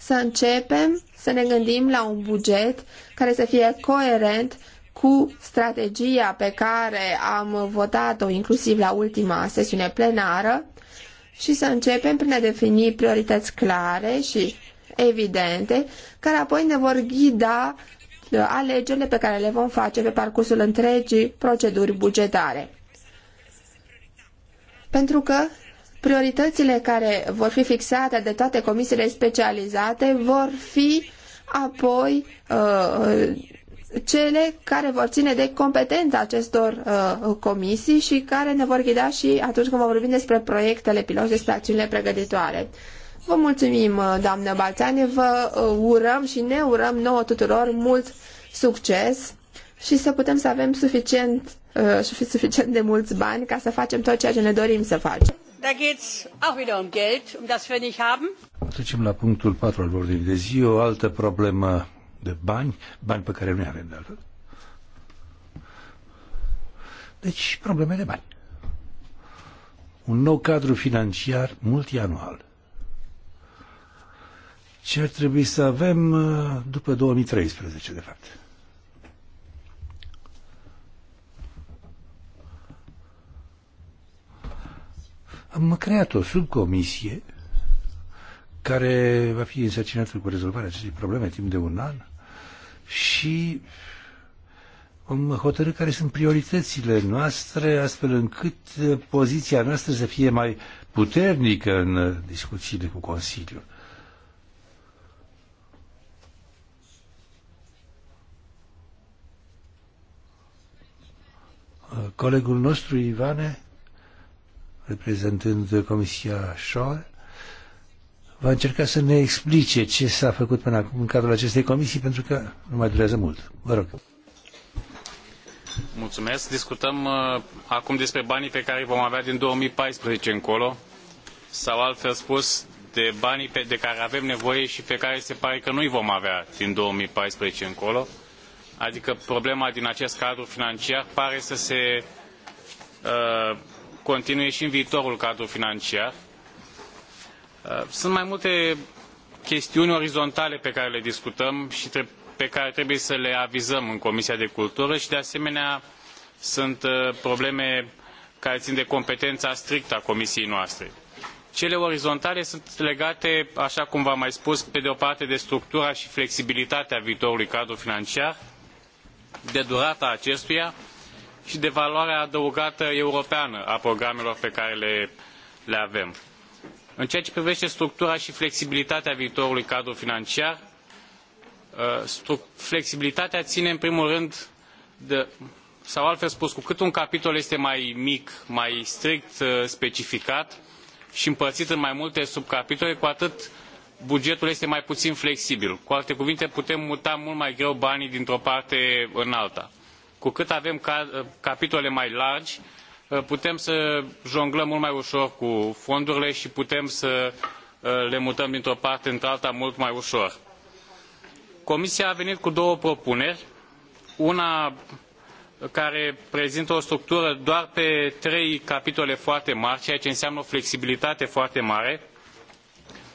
Să începem să ne gândim la un buget care să fie coerent cu strategia pe care am votat-o inclusiv la ultima sesiune plenară și să începem prin a defini priorități clare și evidente, care apoi ne vor ghida uh, alegerile pe care le vom face pe parcursul întregii proceduri bugetare. Pentru că prioritățile care vor fi fixate de toate comisiile specializate vor fi apoi uh, uh cele care vor ține de competența acestor uh, comisii și care ne vor ghida și atunci când vom vorbi despre proiectele pilot și despre acțiunile pregătitoare. Vă mulțumim, uh, doamnă Balțane, vă uh, urăm și ne urăm nouă tuturor mult succes și să putem să avem suficient, uh, suficient de mulți bani ca să facem tot ceea ce ne dorim să facem. Da geht's auch wieder um Geld, um das wir nicht haben. Trecem la punctul 4 al ordinii de zi, o altă problemă de bani, bani pe care nu i avem de altfel. Deci, probleme de bani. Un nou cadru financiar multianual. Ce ar trebui să avem uh, după 2013, de fapt? Am creat o subcomisie care va fi însărcinată cu rezolvarea acestei probleme timp de un an și vom hotărâ care sunt prioritățile noastre, astfel încât uh, poziția noastră să fie mai puternică în uh, discuțiile cu Consiliul. Uh, colegul nostru, Ivane, reprezentând Comisia Scholl, va încerca să ne explice ce s-a făcut până acum în cadrul acestei comisii, pentru că nu mai durează mult. Vă rog. Mulțumesc. Discutăm uh, acum despre banii pe care îi vom avea din 2014 încolo, sau altfel spus, de banii pe, de care avem nevoie și pe care se pare că nu îi vom avea din 2014 încolo. Adică problema din acest cadru financiar pare să se uh, continue și în viitorul cadru financiar Uh, sunt mai multe chestiuni orizontale pe care le discutăm și pe care trebuie să le avizăm în Comisia de Cultură și, de asemenea, sunt uh, probleme care țin de competența strictă a Comisiei noastre. Cele orizontale sunt legate, așa cum v-am mai spus, pe de o parte de structura și flexibilitatea viitorului cadru financiar, de durata acestuia și de valoarea adăugată europeană a programelor pe care le, le avem în ceea ce privete structura i flexibilitatea viitorului cadru financiar ă, flexibilitatea ine în primul rând de, sau altfel spus cu cât un capitol este mai mic mai strict ă, specificat i împărit în mai multe subcapitole cu atât bugetul este mai puin flexibil cu alte cuvinte putem muta mult mai greu banii dintr o parte în alta. cu cât avem capitole mai largi Uh, putem să jonglăm mult mai ușor cu fondurile și putem să uh, le mutăm dintr o parte într alta mult mai ușor. Comisia a venit cu două propuneri, una care prezintă o structură doar pe trei capitole foarte mari, ceea ce înseamnă o flexibilitate foarte mare,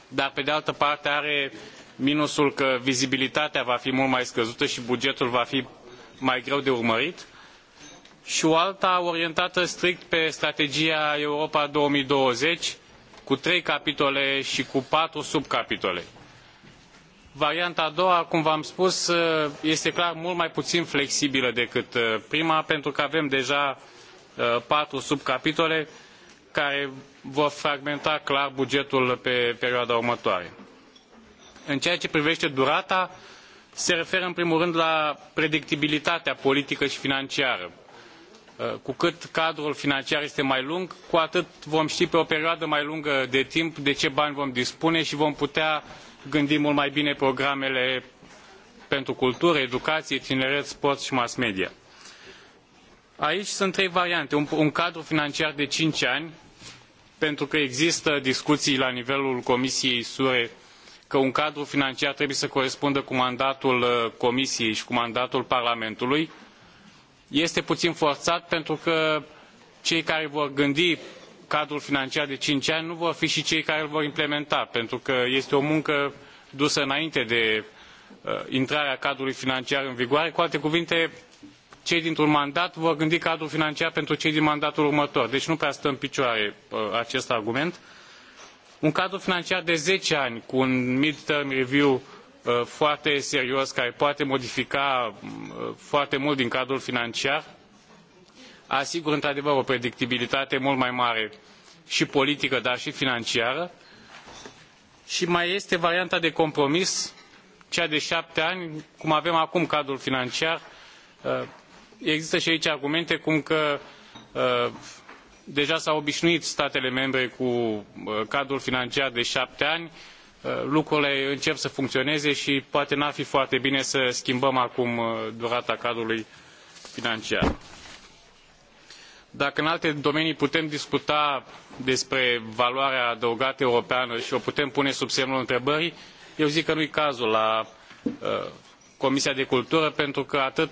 dar pe de altă parte are minusul că vizibilitatea va fi mult mai scăzută și bugetul va fi mai greu de urmărit și o alta orientată strict pe strategia Europa 2020, cu trei capitole și cu patru subcapitole. Varianta a doua, cum v-am spus, este clar mult mai puțin flexibilă decât uh, prima, pentru că avem deja uh, patru subcapitole care vor fragmenta clar bugetul pe perioada următoare. În ceea ce privește durata, se referă în primul rând la predictibilitatea politică și financiară Uh, cu cât cadrul financiar este mai lung cu atât vom ti pe o perioadă mai lungă de timp de ce bani vom dispune i vom putea gândi mult mai bine programele pentru cultură educaie tineret sport i mass media. aici sunt trei variante un, un cadru financiar de cinci ani pentru că există discuii la nivelul comisiei sure că un cadru financiar trebuie să corespundă cu mandatul uh, comisiei i cu mandatul parlamentului este puțin forțat pentru că cei care vor gândi cadrul financiar de cinci ani nu vor fi și cei care îl vor implementa, pentru că este o muncă dusă înainte de uh, intrarea cadrului financiar în vigoare. Cu alte cuvinte, cei dintr-un mandat vor gândi cadrul financiar pentru cei din mandatul următor. Deci nu prea stă în picioare uh, acest argument. Un cadru financiar de zece ani cu un mid-term review Uh, foarte serios care poate modifica uh, foarte mult din cadrul financiar asigură într adevăr o predictibilitate mult mai mare i politică dar i financiară i mai este varianta de compromis cea de apte ani cum avem acum cadrul financiar uh, există i aici argumente cum că deja s au obinuit statele membre cu cadrul financiar de apte ani Uh, lucrurile încep să funcționeze și poate n-ar fi foarte bine să schimbăm acum uh, durata cadrului financiar. Dacă în alte domenii putem discuta despre valoarea adăugată europeană și o putem pune sub semnul întrebării, eu zic că nu-i cazul la uh, Comisia de Cultură, pentru că atât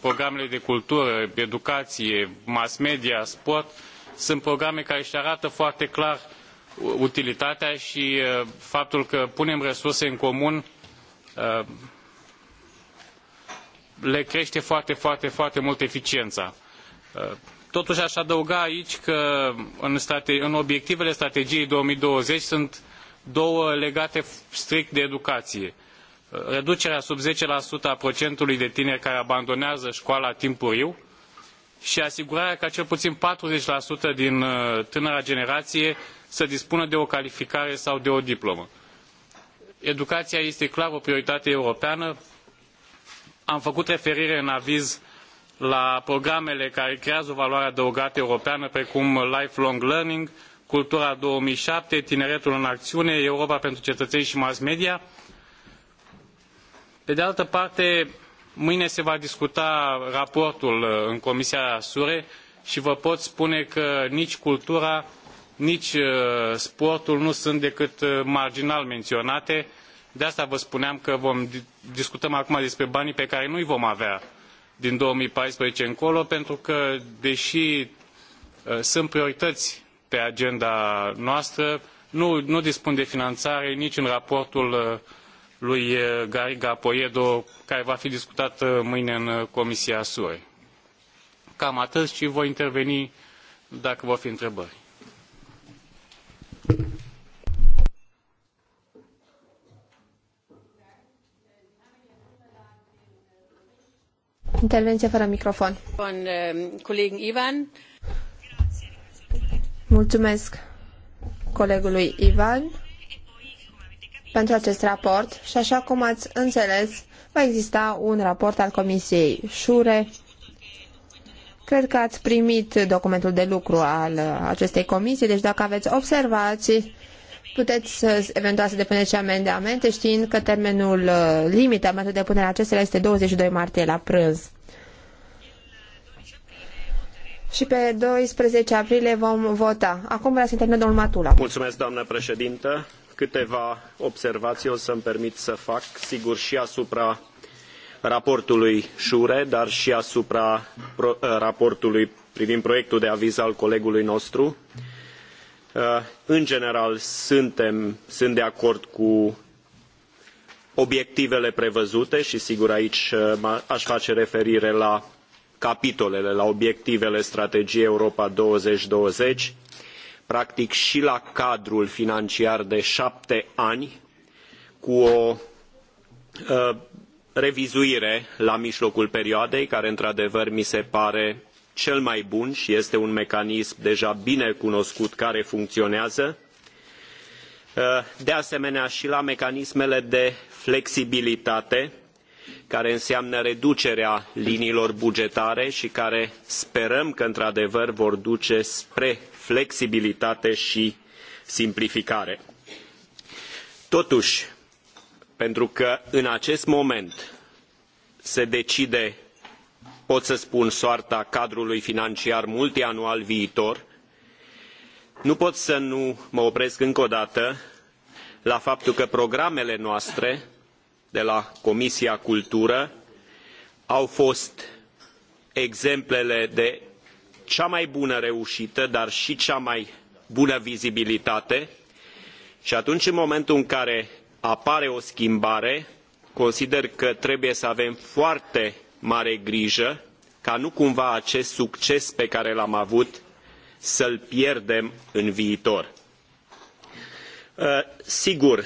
programele de cultură, educație, mass media, sport, sunt programe care își arată foarte clar uh, utilitatea și uh, faptul că punem resurse în comun uh, le crește foarte, foarte, foarte mult eficiența. Uh, totuși aș adăuga aici că în, strate în obiectivele strategiei 2020 sunt două legate strict de educație. Reducerea sub 10% a procentului de tineri care abandonează școala timpuriu, și asigurarea ca cel puțin 40% din uh, tânăra generație să dispună de o calificare sau de o diplomă. Educația este clar o prioritate europeană. Am făcut referire în aviz la programele care creează o valoare adăugată europeană, precum Lifelong Learning, Cultura 2007, Tineretul în Acțiune, Europa pentru Cetățeni și Mass Media. Pe de altă parte, mâine se va discuta raportul uh, în comisia sure i vă pot spune că nici cultura nici uh, sportul nu sunt decât uh, marginal menionate de asta vă spuneam că vom, discutăm acum despre banii pe care nu i vom avea din două mii paisprezece încolo pentru că dei sunt priorităi pe agenda noastră nu, nu dispun de finanare nici în raportul uh, lui eh, Gariga Poiedo, care va fi discutat eh, mâine în eh, Comisia SURE. Cam atât și voi interveni dacă vor fi întrebări. Intervenție fără microfon. Ivan. Mulțumesc colegului Ivan pentru acest raport și așa cum ați înțeles, va exista un raport al Comisiei Șure. Cred că ați primit documentul de lucru al acestei comisii, deci dacă aveți observații, puteți eventual să depuneți amendamente știind că termenul uh, limită pentru depunerea acestora este 22 martie la prânz. Și pe 12 aprilie vom vota. Acum vreau să intervine domnul Matula. Mulțumesc, doamnă președintă câteva observații o să-mi permit să fac, sigur, și asupra raportului Șure, dar și asupra pro, ă, raportului privind proiectul de aviz al colegului nostru. Ă, în general, suntem, sunt de acord cu obiectivele prevăzute și, sigur, aici ă, aș face referire la capitolele, la obiectivele strategiei Europa 2020, practic și la cadrul financiar de șapte ani cu o ă, revizuire la mijlocul perioadei care într adevăr mi se pare cel mai bun i este un mecanism deja bine cunoscut care funcionează ă, de asemenea i la mecanismele de flexibilitate care înseamnă reducerea liniilor bugetare i care sperăm că într adevăr vor duce spre flexibilitate și simplificare. Totuși, pentru că în acest moment se decide, pot să spun, soarta cadrului financiar multianual viitor, nu pot să nu mă opresc încă o dată la faptul că programele noastre de la Comisia Cultură au fost exemplele de cea mai bună reuită dar i cea mai bună vizibilitate i atunci în momentul în care apare o schimbare consider că trebuie să avem foarte mare grijă ca nu cumva acest succes pe care l am avut să l pierdem în viitor. Uh, sigur,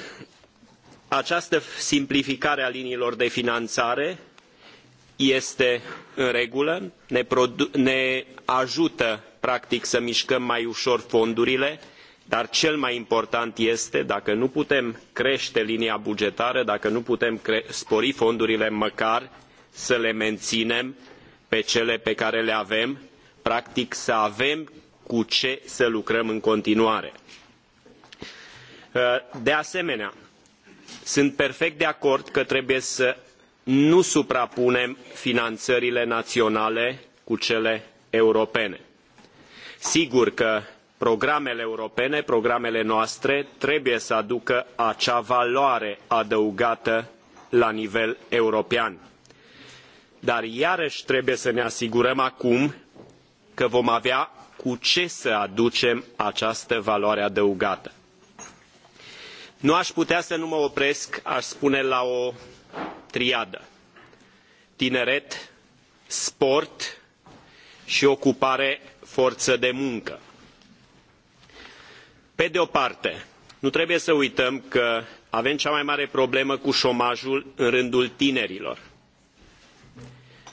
această simplificare a liniilor de finanțare este în regulă ne, ajută practic să micăm mai uor fondurile dar cel mai important este dacă nu putem crete linia bugetară dacă nu putem spori fondurile măcar să le meninem pe cele pe care le avem practic să avem cu ce să lucrăm în continuare. Uh, de asemenea sunt perfect de acord că trebuie să nu suprapunem finanțările naționale cu cele europene. Sigur că programele europene, programele noastre, trebuie să aducă acea valoare adăugată la nivel european. Dar iarăși trebuie să ne asigurăm acum că vom avea cu ce să aducem această valoare adăugată. Nu aș putea să nu mă opresc, aș spune, la o triadă tineret sport și ocupare forță de muncă. pe de o parte nu trebuie să uităm că avem cea mai mare problemă cu șomajul în rândul tinerilor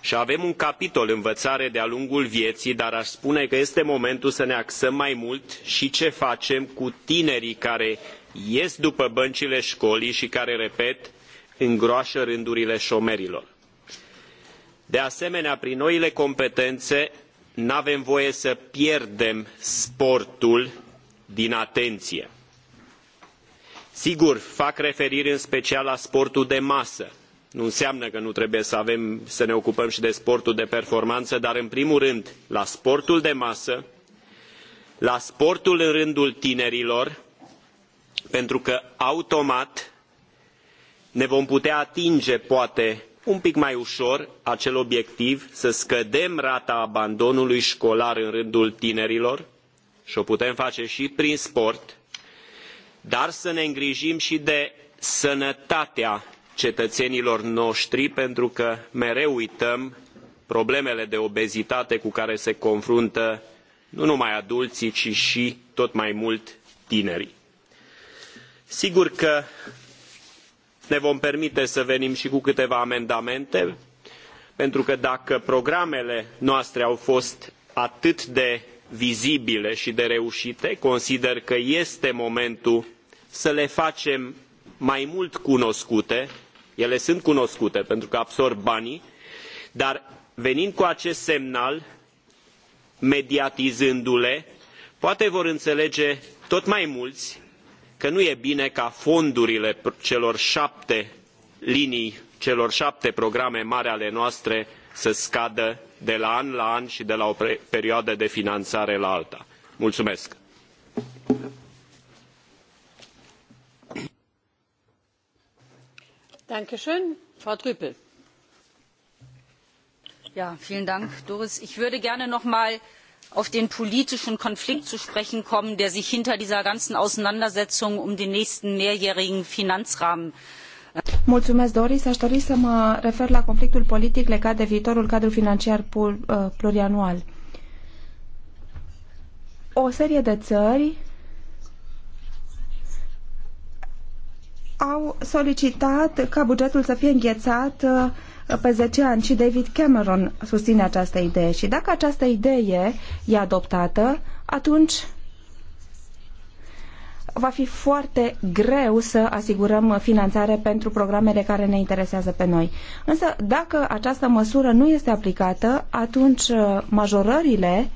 Și avem un capitol învățare de a lungul vieții, dar aș spune că este momentul să ne axăm mai mult și ce facem cu tinerii care ies după băncile școlii și care repet îngroașă rândurile șomerilor. De asemenea, prin noile competențe, nu avem voie să pierdem sportul din atenție. Sigur, fac referire în special la sportul de masă. Nu înseamnă că nu trebuie să, avem, să ne ocupăm și de sportul de performanță, dar în primul rând la sportul de masă, la sportul în rândul tinerilor, pentru că automat ne vom putea atinge poate un pic mai uor acel obiectiv să scădem rata abandonului colar în rândul tinerilor i o putem face i prin sport dar să ne îngrijim i de sănătatea cetăenilor notri pentru că mereu uităm problemele de obezitate cu care se confruntă nu numai adulii ci i tot mai mult tinerii. sigur că ne vom permite să venim și cu câteva amendamente, pentru că dacă programele noastre au fost atât de vizibile și de reușite, consider că este momentul să le facem mai mult cunoscute, ele sunt cunoscute pentru că absorb banii, dar venind cu acest semnal, mediatizându-le, poate vor înțelege tot mai mulți că nu e bine ca fondurile celor șapte linii, celor șapte programe mari ale noastre să scadă de la an la an și de la o perioadă de finanțare la alta. Mulțumesc! Frau Ja, vielen Dank, Doris. Ich würde gerne noch mal auf den politischen konflikt zu sprechen kommen der sich hinter dieser ganzen auseinandersetzung um den nächsten mehrjährigen finanzrahmen äh, Mulțumesc, Doris. Aș dori să mă refer la conflictul politic legat de viitorul cadru financiar uh, plurianual. O serie de țări au solicitat ca bugetul să fie înghețat uh, pe 10 ani și David Cameron susține această idee. Și dacă această idee e adoptată, atunci va fi foarte greu să asigurăm finanțare pentru programele care ne interesează pe noi. Însă, dacă această măsură nu este aplicată, atunci uh, majorările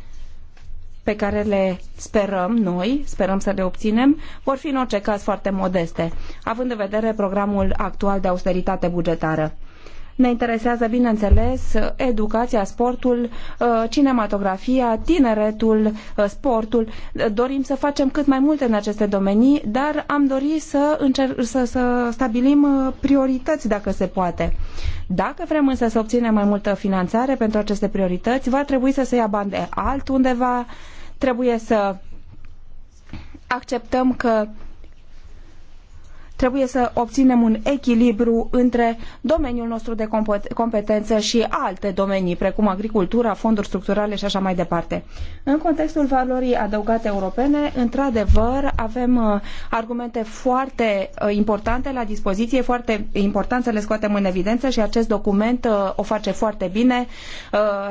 pe care le sperăm noi, sperăm să le obținem, vor fi în orice caz foarte modeste, având în vedere programul actual de austeritate bugetară. Ne interesează, bineînțeles, educația, sportul, uh, cinematografia, tineretul, uh, sportul. Dorim să facem cât mai multe în aceste domenii, dar am dorit să, încer- să, să stabilim uh, priorități, dacă se poate. Dacă vrem însă să obținem mai multă finanțare pentru aceste priorități, va trebui să se ia bani de altundeva, trebuie să acceptăm că Trebuie să obținem un echilibru între domeniul nostru de competență și alte domenii, precum agricultura, fonduri structurale și așa mai departe. În contextul valorii adăugate europene, într-adevăr, avem uh, argumente foarte uh, importante la dispoziție, foarte important să le scoatem în evidență și acest document uh, o face foarte bine.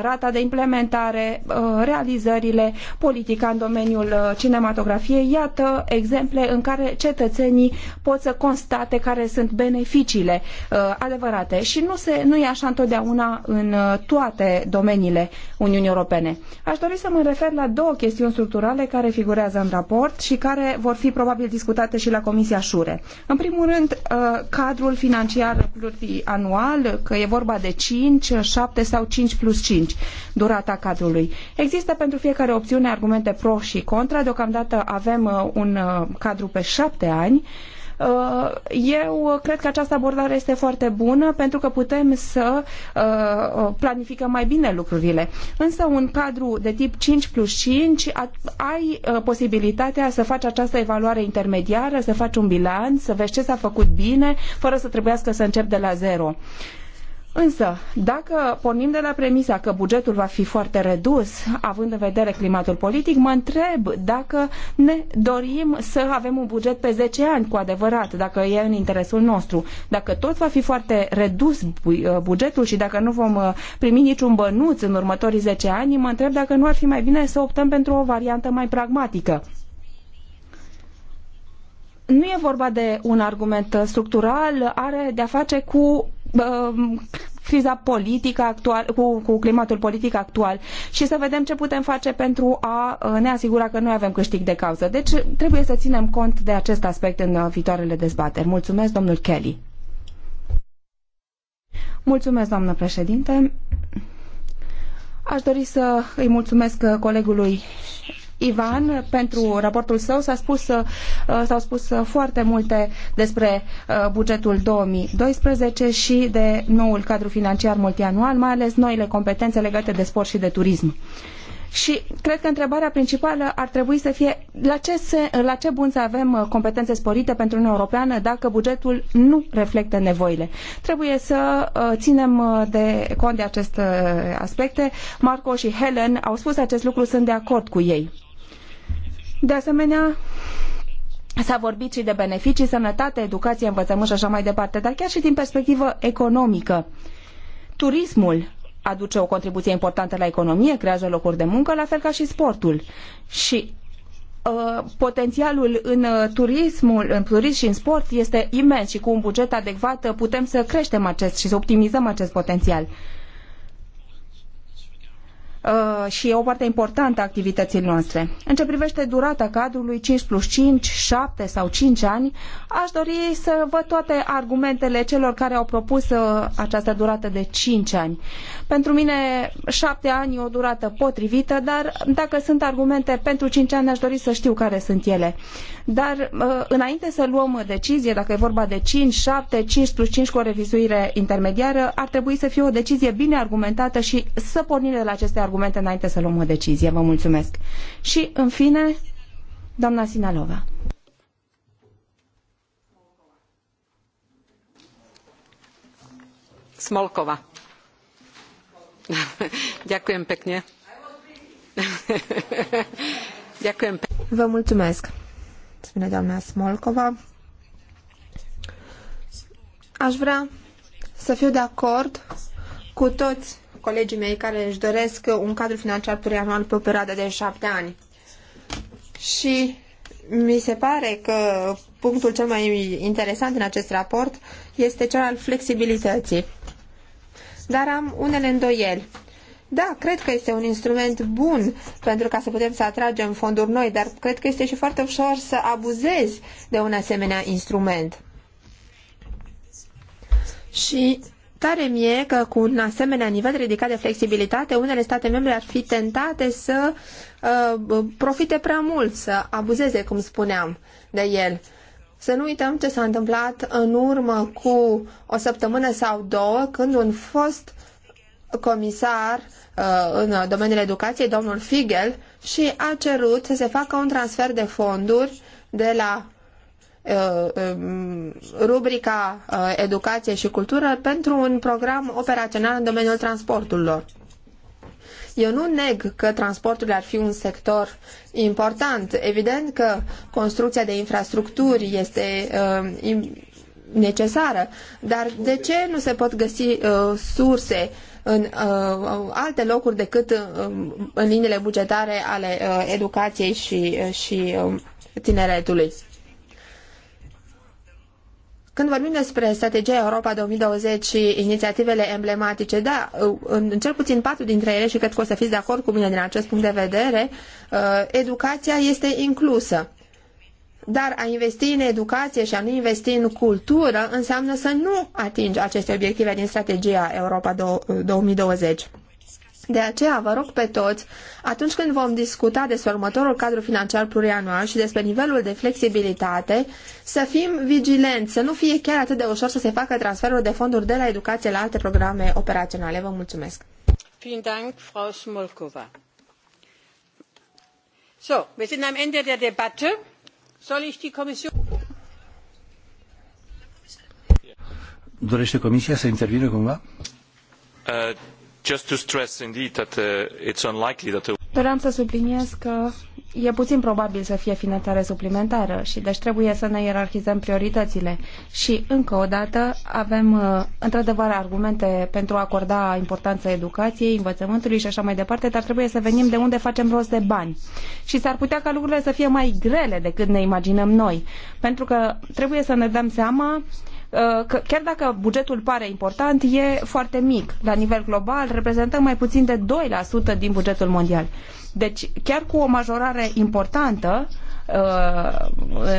Rata de implementare, realizările, politica în domeniul cinematografiei, iată exemple în care cetățenii pot să constate care sunt beneficiile uh, adevărate și nu, se, nu e așa întotdeauna în uh, toate domeniile Uniunii Europene. Aș dori să mă refer la două chestiuni structurale care figurează în raport și care vor fi probabil discutate și la Comisia Șure. În primul rând, uh, cadrul financiar plurianual, că e vorba de 5, 7 sau 5 plus 5, durata cadrului. Există pentru fiecare opțiune argumente pro și contra. Deocamdată avem un cadru pe 7 ani Uh, eu cred că această abordare este foarte bună pentru că putem să uh, uh, planificăm mai bine lucrurile. Însă un cadru de tip 5 plus 5 ai posibilitatea să faci această evaluare intermediară, să faci un bilanț, să vezi ce s-a făcut bine, fără să trebuiască să începi de la zero. Însă, dacă pornim de la premisa că bugetul va fi foarte redus, având în vedere climatul politic, mă întreb dacă ne dorim să avem un buget pe 10 ani cu adevărat, dacă e în interesul nostru, dacă tot va fi foarte redus uh, bugetul și dacă nu vom uh, primi niciun bănuț în următorii 10 ani, mă întreb dacă nu ar fi mai bine să optăm pentru o variantă mai pragmatică nu e vorba de un argument uh, structural, are de-a face cu Um, criza politică actual, cu, cu climatul politic actual și să vedem ce putem face pentru a uh, ne asigura că noi avem câștig de cauză. Deci trebuie să ținem cont de acest aspect în uh, viitoarele dezbateri. Mulțumesc, domnul Kelly. Mulțumesc, doamnă președinte. Aș dori să îi mulțumesc uh, colegului Ivan pentru raportul său. S-a spus, uh, s-au spus uh, foarte multe despre uh, bugetul 2012 și de noul cadru financiar multianual, mai ales noile competențe legate de sport și de turism. Și cred că întrebarea principală ar trebui să fie la ce, se, la ce bun să avem competențe sporite pentru Uniunea Europeană dacă bugetul nu reflectă nevoile. Trebuie să ținem de cont de aceste aspecte. Marco și Helen au spus acest lucru, sunt de acord cu ei de asemenea, S-a vorbit și de beneficii, sănătate, educație, învățământ și așa mai departe, dar chiar și din perspectivă economică. Turismul aduce o contribuție importantă la economie, creează locuri de muncă, la fel ca și sportul. Și uh, potențialul în turismul, în turism și în sport este imens și cu un buget adecvat putem să creștem acest și să optimizăm acest potențial uh, și e o parte importantă a activității noastre. În ce privește durata cadrului 5 plus 5, 7 sau 5 ani, aș dori să văd toate argumentele celor care au propus uh, această durată de 5 ani. Pentru mine 7 ani e o durată potrivită, dar dacă sunt argumente pentru 5 ani, aș dori să știu care sunt ele. Dar uh, înainte să luăm decizie, dacă e vorba de 5, 7, 5 plus 5 cu o revizuire intermediară, ar trebui să fie o decizie bine argumentată și să pornim de la aceste argumente argumente înainte să luăm o decizie. Vă mulțumesc. Și, în fine, doamna Sinalova. Smolkova. Ďakujem pekne. Ďakujem pekne. Vă mulțumesc, spune doamna Smolkova. Aș vrea să fiu de acord cu toți colegii mei care își doresc un cadru financiar plurianual pe o perioadă de șapte ani. Și mi se pare că punctul cel mai interesant în acest raport este cel al flexibilității. Dar am unele îndoieli. Da, cred că este un instrument bun pentru ca să putem să atragem fonduri noi, dar cred că este și foarte ușor să abuzezi de un asemenea instrument. Și Tare mie că cu un asemenea nivel ridicat de flexibilitate, unele state membre ar fi tentate să uh, profite prea mult, să abuzeze, cum spuneam, de el. Să nu uităm ce s-a întâmplat în urmă cu o săptămână sau două, când un fost comisar uh, în domeniul educației, domnul Figel, și a cerut să se facă un transfer de fonduri de la Uh, um, rubrica uh, Educație și Cultură pentru un program operațional în domeniul transporturilor. Eu nu neg că transportul ar fi un sector important. Evident că construcția de infrastructuri este uh, necesară, dar de ce nu se pot găsi uh, surse în uh, alte locuri decât um, în liniile bugetare ale uh, educației și, și um, tineretului? Când vorbim despre strategia Europa 2020 și inițiativele emblematice, da, în cel puțin patru dintre ele, și cred că o să fiți de acord cu mine din acest punct de vedere, uh, educația este inclusă. Dar a investi în educație și a nu investi în cultură înseamnă să nu atingi aceste obiective din strategia Europa 2020. De aceea vă rog pe toți, atunci când vom discuta despre următorul cadru financiar plurianual și despre nivelul de flexibilitate, să fim vigilenți, să nu fie chiar atât de ușor să se facă transferul de fonduri de la educație la alte programe operaționale. Vă mulțumesc! Dorește Comisia să intervină cumva? Uh Uh, Doream să subliniez că e puțin probabil să fie finanțare suplimentară și deci trebuie să ne ierarhizăm prioritățile. Și încă o dată avem uh, într-adevăr argumente pentru a acorda importanța educației, învățământului și așa mai departe, dar trebuie să venim de unde facem rost de bani. Și s-ar putea ca lucrurile să fie mai grele decât ne imaginăm noi, pentru că trebuie să ne dăm seama Uh, că chiar dacă bugetul pare important, e foarte mic. La nivel global reprezentăm mai puțin de 2% din bugetul mondial. Deci chiar cu o majorare importantă, uh,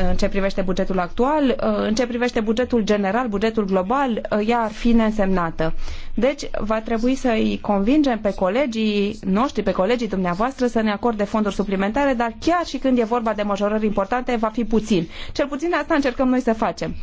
în ce privește bugetul actual, uh, în ce privește bugetul general, bugetul global, ea ar fi neînsemnată. Deci va trebui să îi convingem pe colegii noștri, pe colegii dumneavoastră să ne acorde fonduri suplimentare, dar chiar și când e vorba de majorări importante, va fi puțin. Cel puțin asta încercăm noi să facem.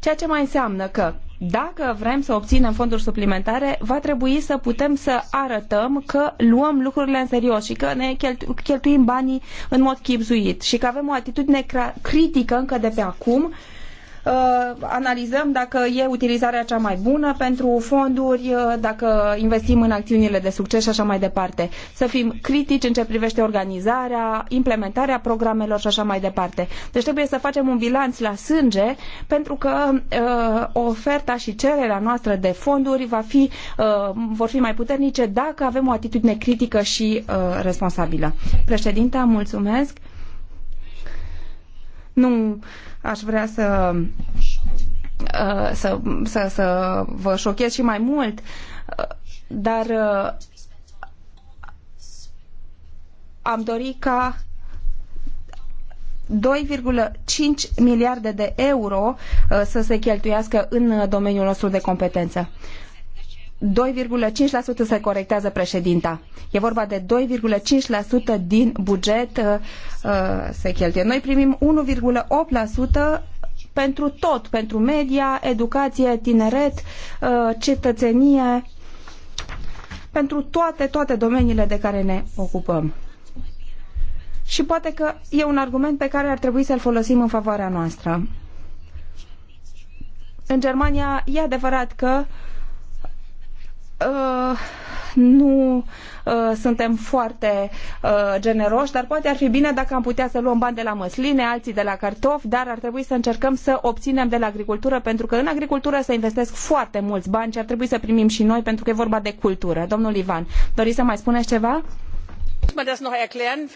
Ceea ce mai înseamnă că dacă vrem să obținem fonduri suplimentare, va trebui să putem să arătăm că luăm lucrurile în serios și că ne cheltuim banii în mod chipzuit și că avem o atitudine critică încă de pe acum Uh, analizăm dacă e utilizarea cea mai bună pentru fonduri, uh, dacă investim în acțiunile de succes și așa mai departe. Să fim critici în ce privește organizarea, implementarea programelor și așa mai departe. Deci trebuie să facem un bilanț la sânge pentru că uh, oferta și cererea noastră de fonduri va fi, vor fi mai puternice dacă avem o atitudine critică și responsabilă. Președinte, mulțumesc. Nu aș vrea să, uh, să, să, să vă șochez și mai mult, uh, dar uh, am dorit ca 2,5 miliarde de euro să se cheltuiască în domeniul nostru de competență. 2,5% se corectează președinta. E vorba de 2,5% din buget uh, uh, se cheltuie. Noi primim 1,8% pentru tot, pentru media, educație, tineret, uh, cetățenie, pentru toate, toate domeniile de care ne ocupăm. Și poate că e un argument pe care ar trebui să-l folosim în favoarea noastră. În Germania e adevărat că uh, Uh, nu uh, suntem foarte uh, generoși, dar poate ar fi bine dacă am putea să luăm bani de la măsline, alții de la cartofi, dar ar trebui să încercăm să obținem de la agricultură, pentru că în agricultură se investesc foarte mulți bani și ar trebui să primim și noi, pentru că e vorba de cultură. Domnul Ivan, doriți să mai spuneți ceva? Äh,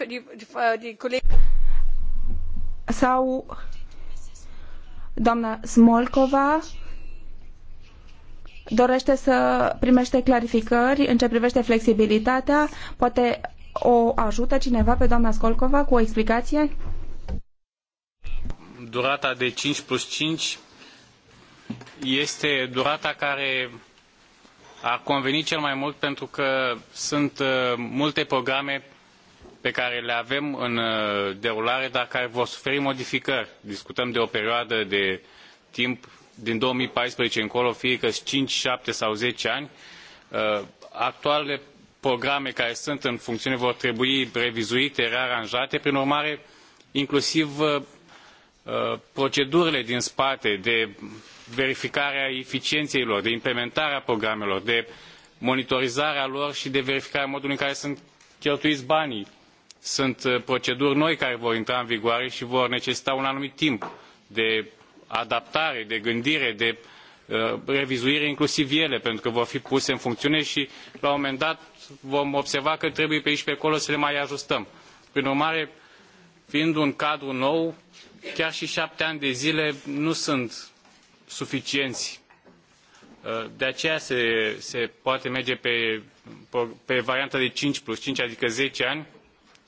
Sau doamna Smolkova? dorește să primește clarificări în ce privește flexibilitatea. Poate o ajută cineva pe doamna Skolkova cu o explicație? Durata de 5 plus 5 este durata care ar conveni cel mai mult pentru că sunt uh, multe programe pe care le avem în uh, derulare, dar care vor suferi modificări. Discutăm de o perioadă de timp din 2014 încolo, fie că 5, 7 sau 10 ani, uh, actualele programe care sunt în funcțiune vor trebui revizuite, rearanjate, prin urmare, inclusiv uh, uh, procedurile din spate de verificarea eficienței lor, de implementarea programelor, de monitorizarea lor și de verificarea modului în care sunt cheltuiți banii. Sunt proceduri noi care vor intra în vigoare și vor necesita un anumit timp de adaptare, de gândire, de uh, revizuire inclusiv ele, pentru că vor fi puse în funcțiune și la un moment dat vom observa că trebuie pe aici pe acolo să le mai ajustăm. Prin urmare, fiind un cadru nou, chiar și șapte ani de zile nu sunt suficienți. Uh, de aceea se, se poate merge pe, pe varianta de 5 plus 5, adică 10 ani.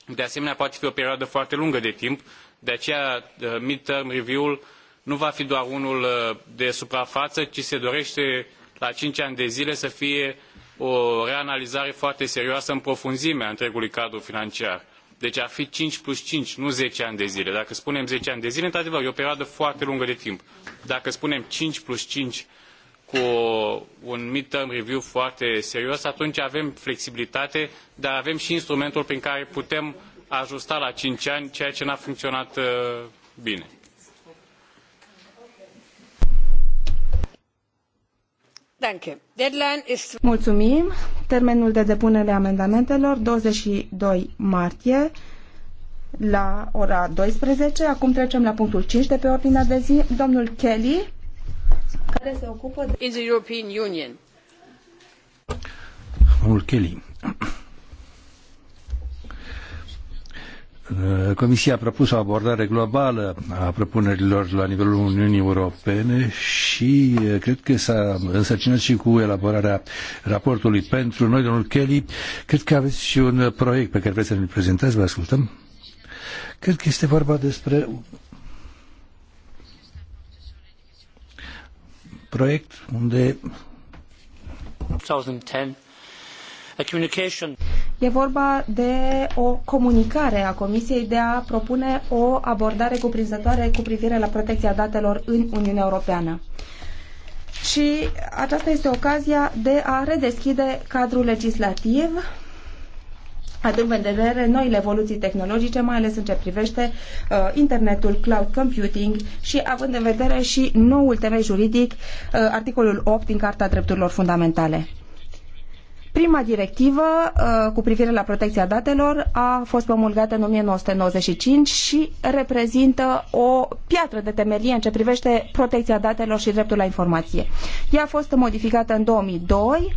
De asemenea, poate fi o perioadă foarte lungă de timp. De aceea, uh, mid-term review-ul nu va fi doar unul uh, de suprafață, ci se dorește la cinci ani de zile să fie o reanalizare foarte serioasă în profunzime a întregului cadru financiar. Deci ar fi cinci plus cinci, nu zece ani de zile. Dacă spunem zece ani de zile, într-adevăr, e o perioadă foarte lungă de timp. Dacă spunem cinci plus cinci cu un mid-term review foarte serios, atunci avem flexibilitate, dar avem și instrumentul prin care putem ajusta la cinci ani ceea ce n-a funcționat uh, bine. Mulțumim. Termenul de depunere a amendamentelor 22 martie la ora 12. Acum trecem la punctul 5 de pe ordinea de zi. Domnul Kelly, care se ocupă de... In the European Union. Domnul Kelly Uh, Comisia a propus o abordare globală a propunerilor la nivelul Uniunii Europene și uh, cred că s-a însărcinat și cu elaborarea raportului pentru noi, domnul Kelly. Cred că aveți și un proiect pe care vreți să-l prezentați, vă ascultăm. Cred că este vorba despre proiect unde 2010 a communication E vorba de o comunicare a Comisiei de a propune o abordare cuprinzătoare cu privire la protecția datelor în Uniunea Europeană. Și aceasta este ocazia de a redeschide cadrul legislativ având în vedere noile evoluții tehnologice, mai ales în ce privește uh, internetul, cloud computing și având în vedere și noul temei juridic, uh, articolul 8 din Carta Drepturilor Fundamentale. Prima directivă uh, cu privire la protecția datelor a fost promulgată în 1995 și reprezintă o piatră de temelie în ce privește protecția datelor și dreptul la informație. Ea a fost modificată în 2002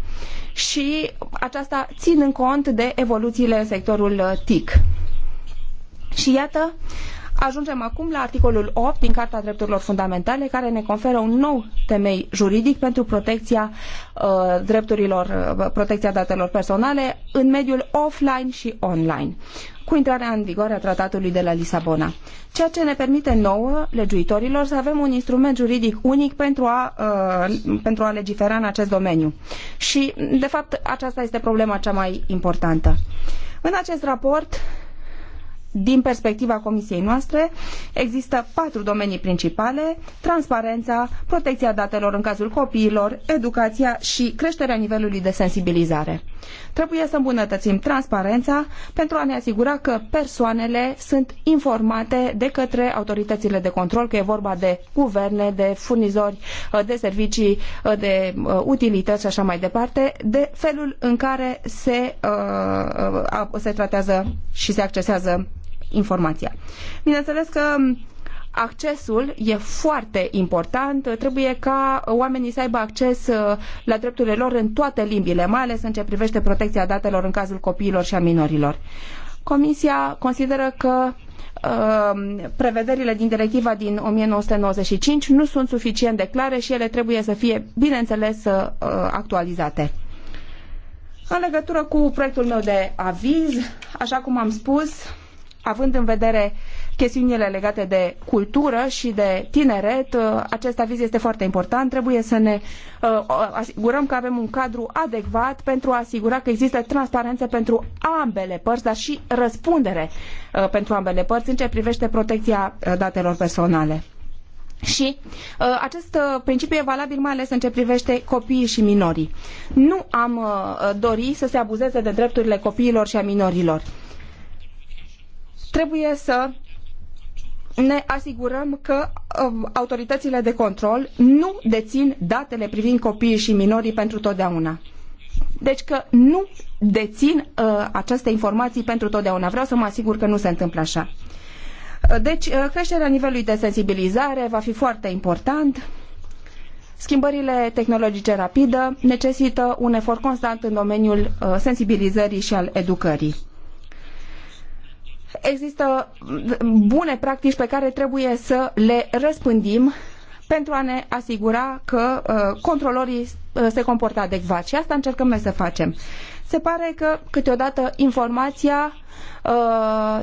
și aceasta ținând cont de evoluțiile în sectorul uh, TIC. Și iată, ajungem acum la articolul 8 din Carta Drepturilor Fundamentale, care ne conferă un nou temei juridic pentru protecția uh, drepturilor, uh, protecția datelor personale în mediul offline și online cu intrarea în vigoare a tratatului de la Lisabona, ceea ce ne permite nouă, legiuitorilor, să avem un instrument juridic unic pentru a, uh, pentru a legifera în acest domeniu. Și, de fapt, aceasta este problema cea mai importantă. În acest raport, din perspectiva comisiei noastre, există patru domenii principale, transparența, protecția datelor în cazul copiilor, educația și creșterea nivelului de sensibilizare. Trebuie să îmbunătățim transparența pentru a ne asigura că persoanele sunt informate de către autoritățile de control, că e vorba de guverne, de furnizori de servicii, de uh, utilități și așa mai departe, de felul în care se, uh, uh, se tratează și se accesează informația. Bineînțeles că accesul e foarte important. Trebuie ca oamenii să aibă acces uh, la drepturile lor în toate limbile, mai ales în ce privește protecția datelor în cazul copiilor și a minorilor. Comisia consideră că uh, prevederile din directiva din 1995 nu sunt suficient de clare și ele trebuie să fie, bineînțeles, uh, actualizate. În legătură cu proiectul meu de aviz, așa cum am spus, având în vedere chestiunile legate de cultură și de tineret, uh, acest aviz este foarte important. Trebuie să ne uh, asigurăm că avem un cadru adecvat pentru a asigura că există transparență pentru ambele părți, dar și răspundere uh, pentru ambele părți în ce privește protecția datelor personale. Și uh, acest uh, principiu e valabil mai ales în ce privește copiii și minorii. Nu am uh, dori să se abuzeze de drepturile copiilor și a minorilor. Trebuie să ne asigurăm că um, autoritățile de control nu dețin datele privind copiii și minorii pentru totdeauna. Deci că nu dețin uh, aceste informații pentru totdeauna. Vreau să mă asigur că nu se întâmplă așa. Uh, deci, uh, creșterea nivelului de sensibilizare va fi foarte important. Schimbările tehnologice rapide necesită un efort constant în domeniul uh, sensibilizării și al educării există bune practici pe care trebuie să le răspândim pentru a ne asigura că uh, controlorii uh, se comportă adecvat. Și asta încercăm noi să facem se pare că câteodată informația uh,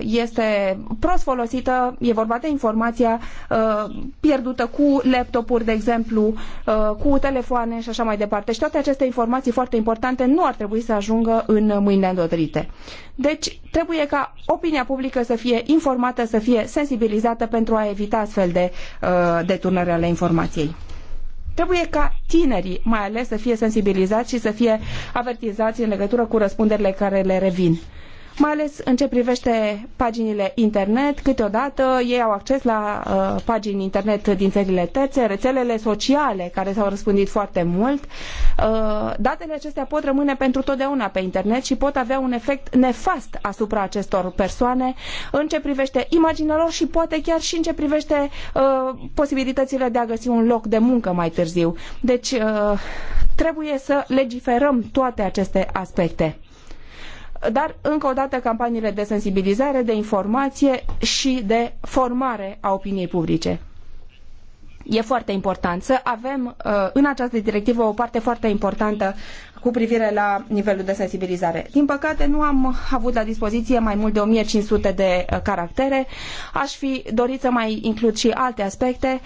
este prost folosită, e vorba de informația uh, pierdută cu laptopuri, de exemplu, uh, cu telefoane și așa mai departe. Și toate aceste informații foarte importante nu ar trebui să ajungă în mâinile îndodrite. Deci trebuie ca opinia publică să fie informată, să fie sensibilizată pentru a evita astfel de deturnări ale informației. Trebuie ca tinerii, mai ales, să fie sensibilizați și să fie avertizați în legătură cu răspunderile care le revin mai ales în ce privește paginile internet. Câteodată ei au acces la uh, pagini internet din țările terțe, rețelele sociale care s-au răspândit foarte mult. Uh, datele acestea pot rămâne pentru totdeauna pe internet și pot avea un efect nefast asupra acestor persoane în ce privește imaginea lor și poate chiar și în ce privește uh, posibilitățile de a găsi un loc de muncă mai târziu. Deci uh, trebuie să legiferăm toate aceste aspecte dar încă o dată campaniile de sensibilizare, de informație și de formare a opiniei publice. E foarte important să avem uh, în această directivă o parte foarte importantă cu privire la nivelul de sensibilizare. Din păcate, nu am avut la dispoziție mai mult de 1500 de uh, caractere. Aș fi dorit să mai includ și alte aspecte,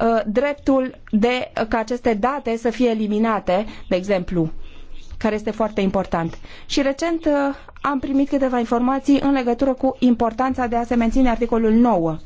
uh, dreptul de ca aceste date să fie eliminate, de exemplu, care este foarte important. Și recent uh, am primit câteva informații în legătură cu importanța de a se menține articolul 9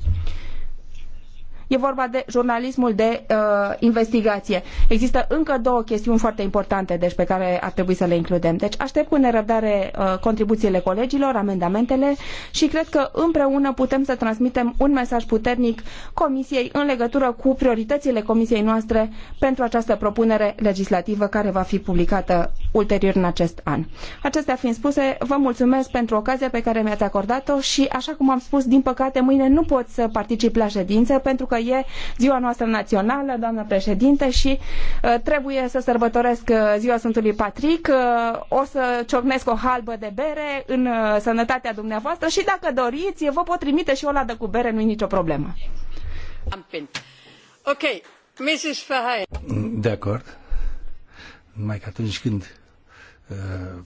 E vorba de jurnalismul de uh, investigație. Există încă două chestiuni foarte importante deci, pe care ar trebui să le includem. Deci aștept cu nerăbdare uh, contribuțiile colegilor, amendamentele și cred că împreună putem să transmitem un mesaj puternic Comisiei în legătură cu prioritățile Comisiei noastre pentru această propunere legislativă care va fi publicată ulterior în acest an. Acestea fiind spuse, vă mulțumesc pentru ocazia pe care mi-ați acordat-o și, așa cum am spus, din păcate, mâine nu pot să particip la ședință pentru că că e ziua noastră națională, doamnă președinte, și uh, trebuie să sărbătoresc uh, ziua Sfântului Patrick. Uh, o să ciocnesc o halbă de bere în sănătatea dumneavoastră și dacă doriți, vă pot trimite și o ladă cu bere, nu-i nicio problemă. Ok, Mrs. Verheyen. De acord. Numai că atunci când uh,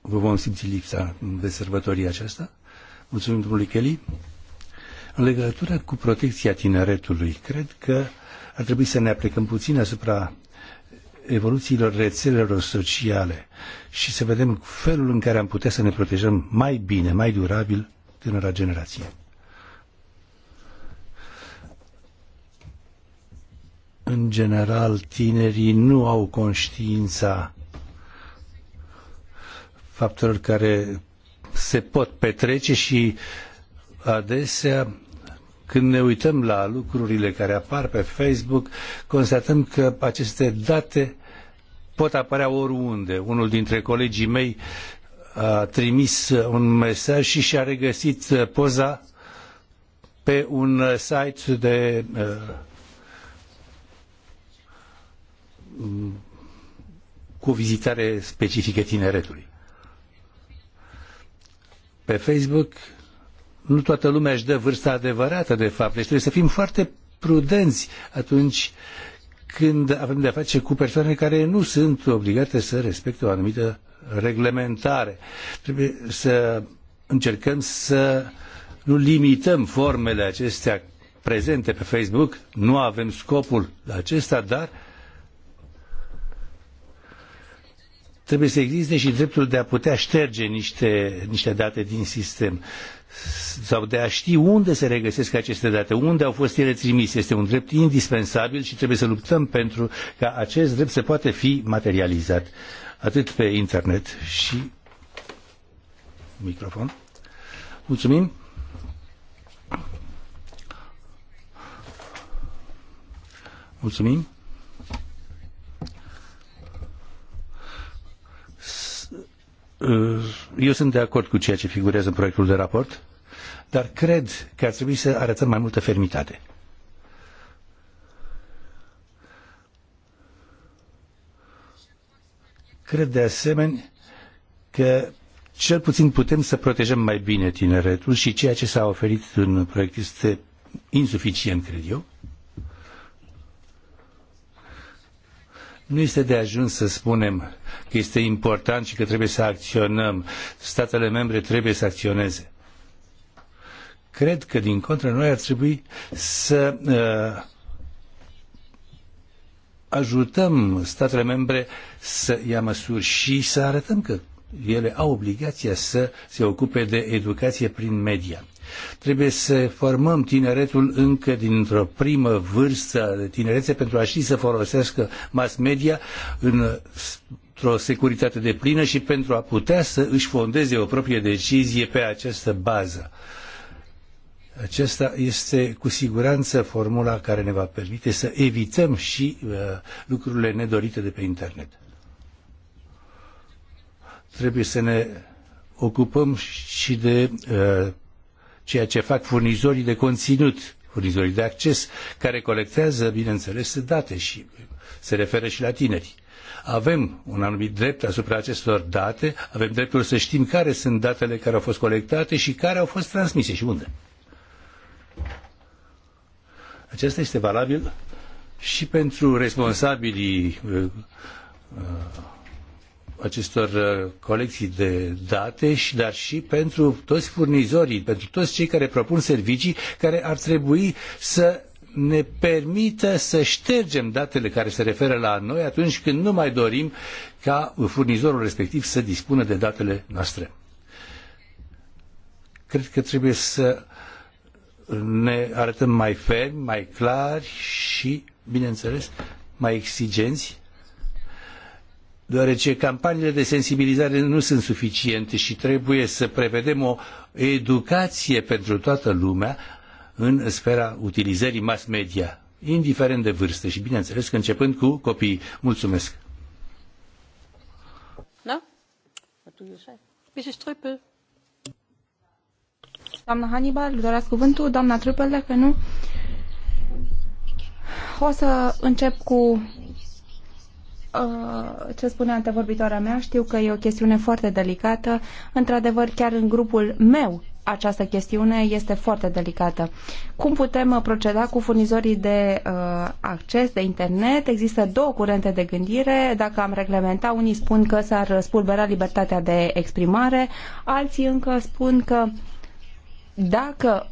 vă vom simți lipsa de sărbătoria aceasta? Mulțumim, domnului Kelly. În legătură cu protecția tineretului, cred că ar trebui să ne aplicăm puțin asupra evoluțiilor rețelelor sociale și să vedem felul în care am putea să ne protejăm mai bine, mai durabil tânăra generație. În general, tinerii nu au conștiința faptelor care se pot petrece și adesea când ne uităm la lucrurile care apar pe Facebook, constatăm că aceste date pot apărea oriunde. Unul dintre colegii mei a trimis un mesaj și și-a regăsit poza pe un site de uh, cu vizitare specifică tineretului pe Facebook nu toată lumea își dă vârsta adevărată, de fapt. Deci trebuie să fim foarte prudenți atunci când avem de-a face cu persoane care nu sunt obligate să respecte o anumită reglementare. Trebuie să încercăm să nu limităm formele acestea prezente pe Facebook. Nu avem scopul acesta, dar Trebuie să existe și dreptul de a putea șterge niște, niște date din sistem sau de a ști unde se regăsesc aceste date, unde au fost ele trimise. Este un drept indispensabil și trebuie să luptăm pentru ca acest drept să poate fi materializat atât pe internet și microfon. Mulțumim. Mulțumim. Uh, eu sunt de acord cu ceea ce figurează în proiectul de raport, dar cred că ar trebui să arătăm mai multă fermitate. Cred de asemenea că cel puțin putem să protejăm mai bine tineretul și ceea ce s-a oferit în proiect este insuficient, cred eu. Nu este de ajuns să spunem că este important și că trebuie să acționăm. Statele membre trebuie să acționeze. Cred că, din contră, noi ar trebui să uh, ajutăm statele membre să ia măsuri și să arătăm că ele au obligația să se ocupe de educație prin media. Trebuie să formăm tineretul încă dintr-o primă vârstă de tinerețe pentru a și să folosească mass media în o securitate de plină și pentru a putea să își fondeze o proprie decizie pe această bază. Aceasta este cu siguranță formula care ne va permite să evităm și uh, lucrurile nedorite de pe internet. Trebuie să ne ocupăm și de uh, ceea ce fac furnizorii de conținut, furnizorii de acces, care colectează, bineînțeles, date și se referă și la tineri. Avem un anumit drept asupra acestor date, avem dreptul să știm care sunt datele care au fost colectate și care au fost transmise și unde. Acesta este valabil și pentru responsabilii uh, uh, acestor uh, colecții de date, dar și pentru toți furnizorii, pentru toți cei care propun servicii care ar trebui să ne permită să ștergem datele care se referă la noi atunci când nu mai dorim ca furnizorul respectiv să dispună de datele noastre. Cred că trebuie să ne arătăm mai fermi, mai clari și, bineînțeles, mai exigenți deoarece campaniile de sensibilizare nu sunt suficiente și trebuie să prevedem o educație pentru toată lumea în sfera utilizării mass media, indiferent de vârstă. și, bineînțeles, că începând cu copiii. Mulțumesc! Da? Mrs. Trüppel. Doamna Hannibal, doreați cuvântul? Doamna Trüppel, dacă nu... O să încep cu Uh, ce spune antevorbitoarea mea, știu că e o chestiune foarte delicată. Într-adevăr, chiar în grupul meu această chestiune este foarte delicată. Cum putem uh, proceda cu furnizorii de uh, acces, de internet? Există două curente de gândire. Dacă am reglementa, unii spun că s-ar spulbera libertatea de exprimare, alții încă spun că dacă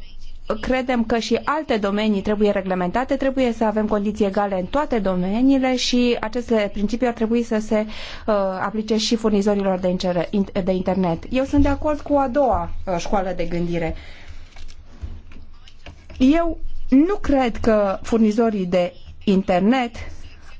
credem că și alte domenii trebuie reglementate, trebuie să avem condiții egale în toate domeniile și aceste principii ar trebui să se uh, aplice și furnizorilor de, de internet. Eu sunt de acord cu a doua uh, școală de gândire. Eu nu cred că furnizorii de internet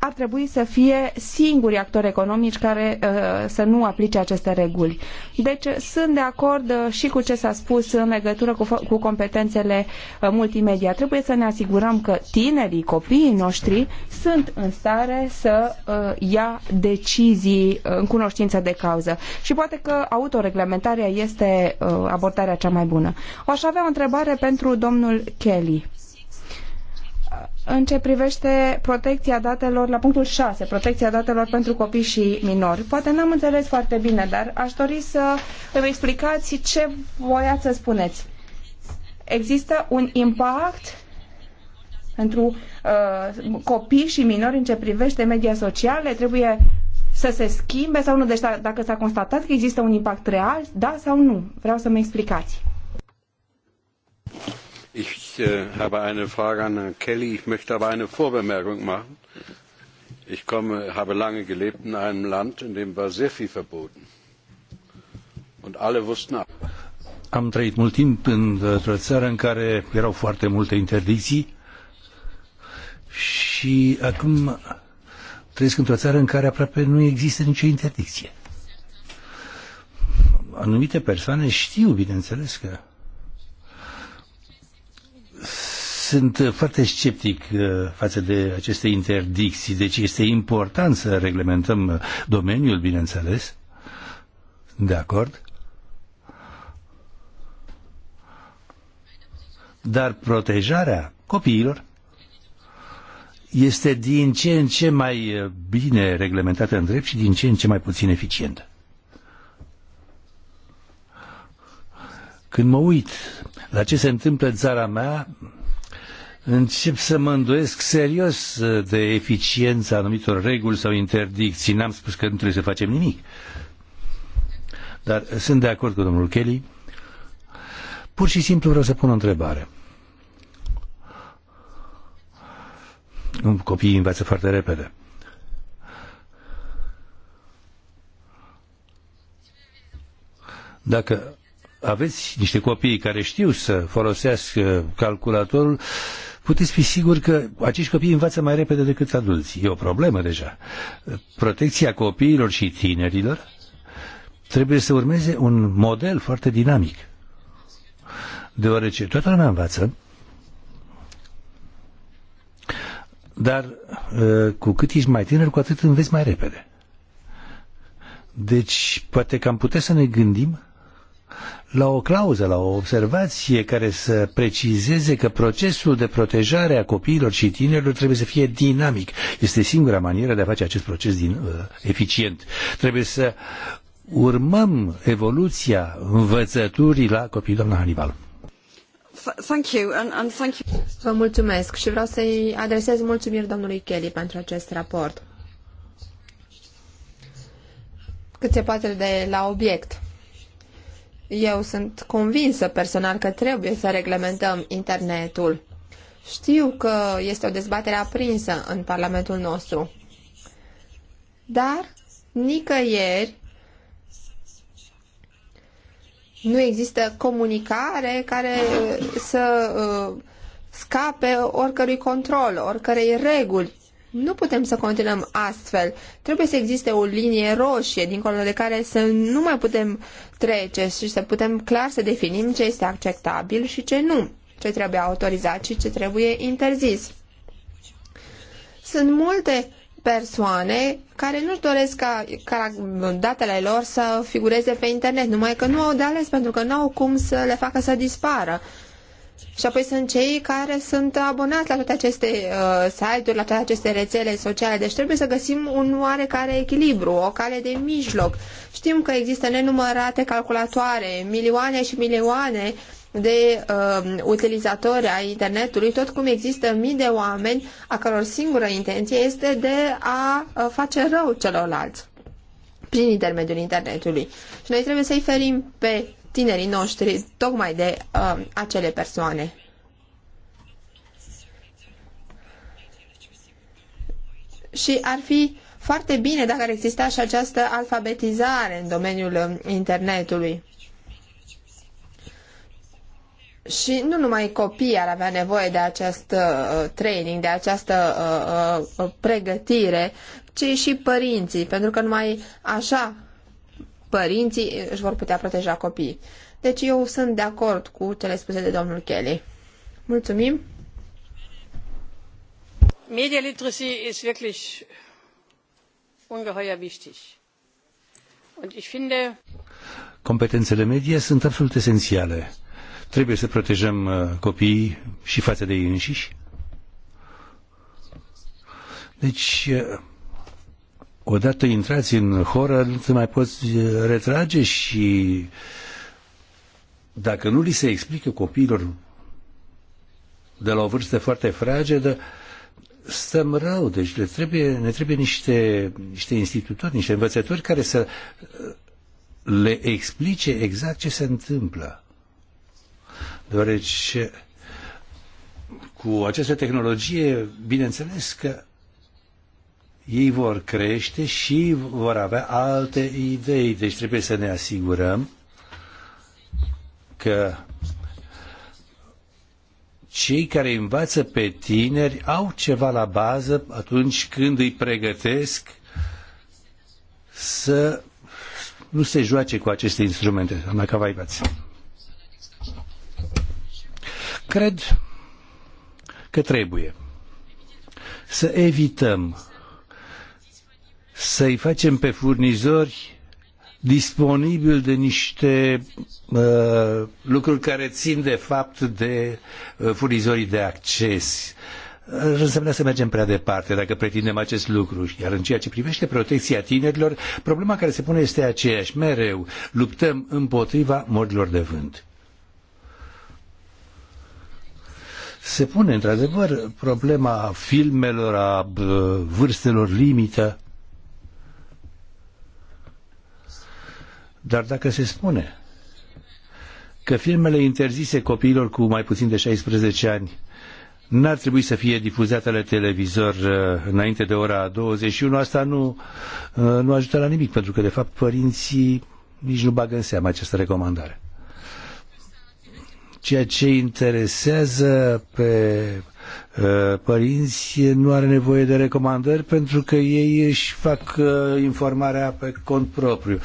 ar trebui să fie singurii actori economici care uh, să nu aplice aceste reguli. Deci sunt de acord uh, și cu ce s-a spus în legătură cu, cu competențele uh, multimedia. Trebuie să ne asigurăm că tinerii, copiii noștri sunt în stare să ia decizii în cunoștință de cauză. Și poate că autoreglementarea este abordarea cea mai bună. O aș avea o întrebare pentru domnul Kelly în ce privește protecția datelor, la punctul 6, protecția datelor pentru copii și minori. Poate n-am înțeles foarte bine, dar aș dori să îmi explicați ce voiați să spuneți. Există un impact pentru uh, copii și minori în ce privește media sociale? Trebuie să se schimbe sau nu? Deci da, dacă s-a constatat că există un impact real, da sau nu? Vreau să-mi explicați. Ich äh, habe eine Frage an Herrn Kelly. Ich möchte aber eine Vorbemerkung machen. Ich komme, habe lange gelebt in einem Land, in dem war sehr viel verboten. Und alle wussten. Am trăit mult timp într-o țară în care erau foarte multe interdicții și acum trăiesc într-o țară în care aproape nu există nicio interdicție. Anumite persoane știu, bineînțeles, că sunt foarte sceptic uh, față de aceste interdicții, deci este important să reglementăm uh, domeniul, bineînțeles. De acord? Dar protejarea copiilor este din ce în ce mai uh, bine reglementată în drept și din ce în ce mai puțin eficientă. Când mă uit la ce se întâmplă în țara mea, încep să mă îndoiesc serios uh, de eficiența anumitor reguli sau interdicții. N-am spus că nu trebuie să facem nimic. Dar sunt de acord cu domnul Kelly. Pur și simplu vreau să pun o întrebare. Un copii învață foarte repede. Dacă aveți niște copii care știu să folosească calculatorul, puteți fi sigur că acești copii învață mai repede decât adulții. E o problemă deja. Protecția copiilor și tinerilor trebuie să urmeze un model foarte dinamic. Deoarece toată lumea învață, dar ă, cu cât ești mai tânăr, cu atât înveți mai repede. Deci, poate că am putea să ne gândim la o clauză, la o observație care să precizeze că procesul de protejare a copiilor și tinerilor trebuie să fie dinamic. Este singura manieră de a face acest proces din, uh, eficient. Trebuie să urmăm evoluția învățăturii la copii, doamna Hannibal. Thank you and, and thank you. Vă mulțumesc și vreau să-i adresez mulțumiri domnului Kelly pentru acest raport. Cât se poate de la obiect. Eu sunt convinsă personal că trebuie să reglementăm internetul. Știu că este o dezbatere aprinsă în Parlamentul nostru. Dar nicăieri nu există comunicare care uh, să uh, scape oricărui control, oricărei reguli nu putem să continuăm astfel. Trebuie să existe o linie roșie dincolo de care să nu mai putem trece și să putem clar să definim ce este acceptabil și ce nu, ce trebuie autorizat și ce trebuie interzis. Sunt multe persoane care nu-și doresc ca, ca datele lor să figureze pe internet, numai că nu au de ales pentru că nu au cum să le facă să dispară. Și apoi sunt cei care sunt abonați la toate aceste uh, site-uri, la toate aceste rețele sociale. Deci trebuie să găsim un oarecare echilibru, o cale de mijloc. Știm că există nenumărate calculatoare, milioane și milioane de uh, utilizatori ai internetului, tot cum există mii de oameni a căror singură intenție este de a uh, face rău celorlalți prin intermediul internetului. Și noi trebuie să-i ferim pe tinerii noștri tocmai de uh, acele persoane. Și ar fi foarte bine dacă ar exista și această alfabetizare în domeniul uh, internetului. Și nu numai copiii ar avea nevoie de acest uh, training, de această uh, uh, pregătire, ci și părinții, pentru că numai așa părinții își vor putea proteja copiii. Deci eu sunt de acord cu cele spuse de domnul Kelly. Mulțumim! Media literacy is wirklich ungeheuer wichtig. Und ich finde... Competențele medie sunt absolut esențiale. Trebuie să protejăm uh, copiii și față de ei înșiși. Deci, uh, odată intrați în horă, nu te mai poți eh, retrage și dacă nu li se explică copiilor de la o vârstă foarte fragedă, stăm rău. Deci le trebuie, ne trebuie niște, niște institutori, niște învățători care să eh, le explice exact ce se întâmplă. Deoarece cu această tehnologie, bineînțeles că ei vor crește și vor avea alte idei. Deci trebuie să ne asigurăm că cei care învață pe tineri au ceva la bază atunci când îi pregătesc să nu se joace cu aceste instrumente. Doamna Cavaibați. Cred că trebuie să evităm să-i facem pe furnizori disponibil de niște uh, lucruri care țin de fapt de uh, furnizorii de acces. Ar însemna să mergem prea departe dacă pretindem acest lucru. Iar în ceea ce privește protecția tinerilor, problema care se pune este aceeași. Mereu luptăm împotriva morilor de vânt. Se pune, într-adevăr, problema filmelor, a vârstelor limită. Dar dacă se spune că filmele interzise copiilor cu mai puțin de 16 ani n-ar trebui să fie difuzate la televizor uh, înainte de ora 21, asta nu, uh, nu ajută la nimic, pentru că, de fapt, părinții nici nu bagă în seamă această recomandare. Ceea ce interesează pe uh, părinți nu are nevoie de recomandări pentru că ei își fac informarea pe cont propriu.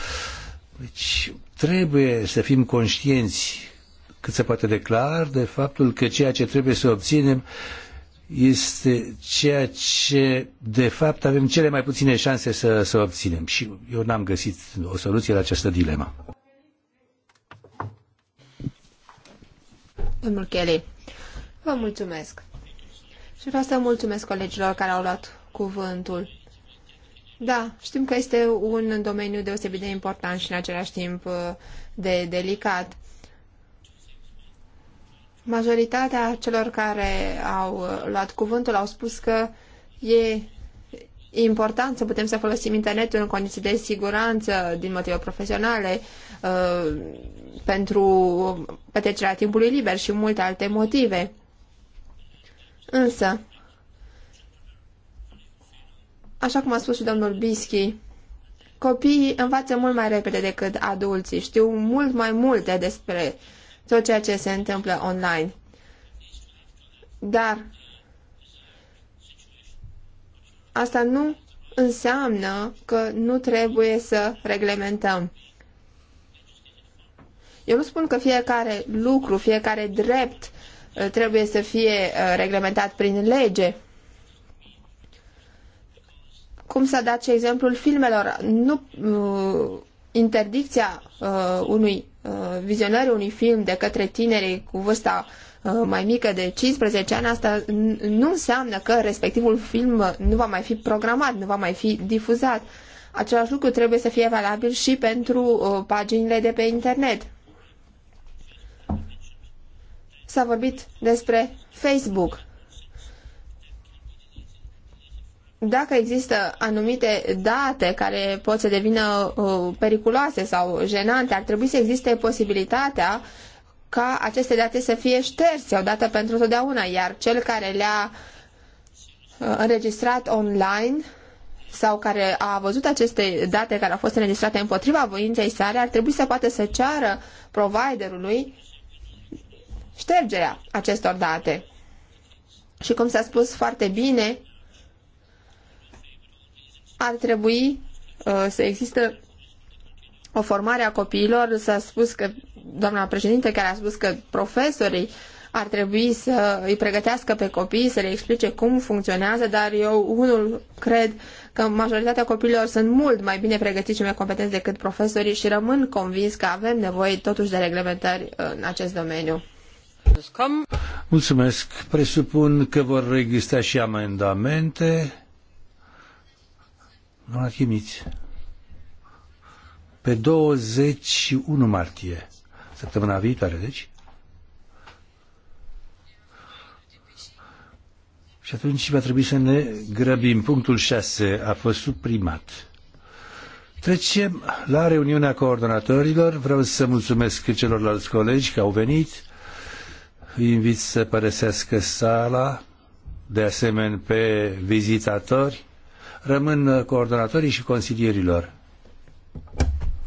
Deci trebuie să fim conștienți cât se poate de clar de faptul că ceea ce trebuie să obținem este ceea ce de fapt avem cele mai puține șanse să, să obținem. Și eu n-am găsit o soluție la această dilemă. Domnul Kelly, vă mulțumesc. Și vreau să mulțumesc colegilor care au luat cuvântul. Da, știm că este un domeniu deosebit de important și în același timp uh, de delicat. Majoritatea celor care au uh, luat cuvântul au spus că e important să putem să folosim internetul în condiții de siguranță din motive profesionale uh, pentru petrecerea timpului liber și multe alte motive. Însă, Așa cum a spus și domnul Bischi, copiii învață mult mai repede decât adulții, știu mult mai multe despre tot ceea ce se întâmplă online. Dar asta nu înseamnă că nu trebuie să reglementăm. Eu nu spun că fiecare lucru, fiecare drept uh, trebuie să fie uh, reglementat prin lege, cum s-a dat și exemplul filmelor. Nu uh, interdicția uh, unui uh, vizionării unui film de către tineri cu vârsta uh, mai mică de 15 ani, asta nu înseamnă că respectivul film nu va mai fi programat, nu va mai fi difuzat. Același lucru trebuie să fie valabil și pentru uh, paginile de pe internet. S-a vorbit despre Facebook dacă există anumite date care pot să devină uh, periculoase sau jenante, ar trebui să existe posibilitatea ca aceste date să fie șterse odată pentru totdeauna, iar cel care le-a uh, înregistrat online sau care a văzut aceste date care au fost înregistrate împotriva voinței sale, ar trebui să poată să ceară providerului ștergerea acestor date. Și cum s-a spus foarte bine, ar trebui uh, să existe o formare a copiilor. S-a spus că, doamna președinte care a spus că profesorii ar trebui să îi pregătească pe copii, să le explice cum funcționează, dar eu unul cred că majoritatea copiilor sunt mult mai bine pregătiți și mai competenți decât profesorii și rămân convins că avem nevoie totuși de reglementări în acest domeniu. Mulțumesc. Presupun că vor exista și amendamente a chimiți. pe 21 martie, săptămâna viitoare, deci, Și atunci va trebui să ne grăbim. Punctul 6 a fost suprimat. Trecem la reuniunea coordonatorilor. Vreau să mulțumesc celorlalți colegi că au venit. Îi invit să părăsească sala, de asemenea pe vizitatori rămân uh, coordonatorii și consilierilor.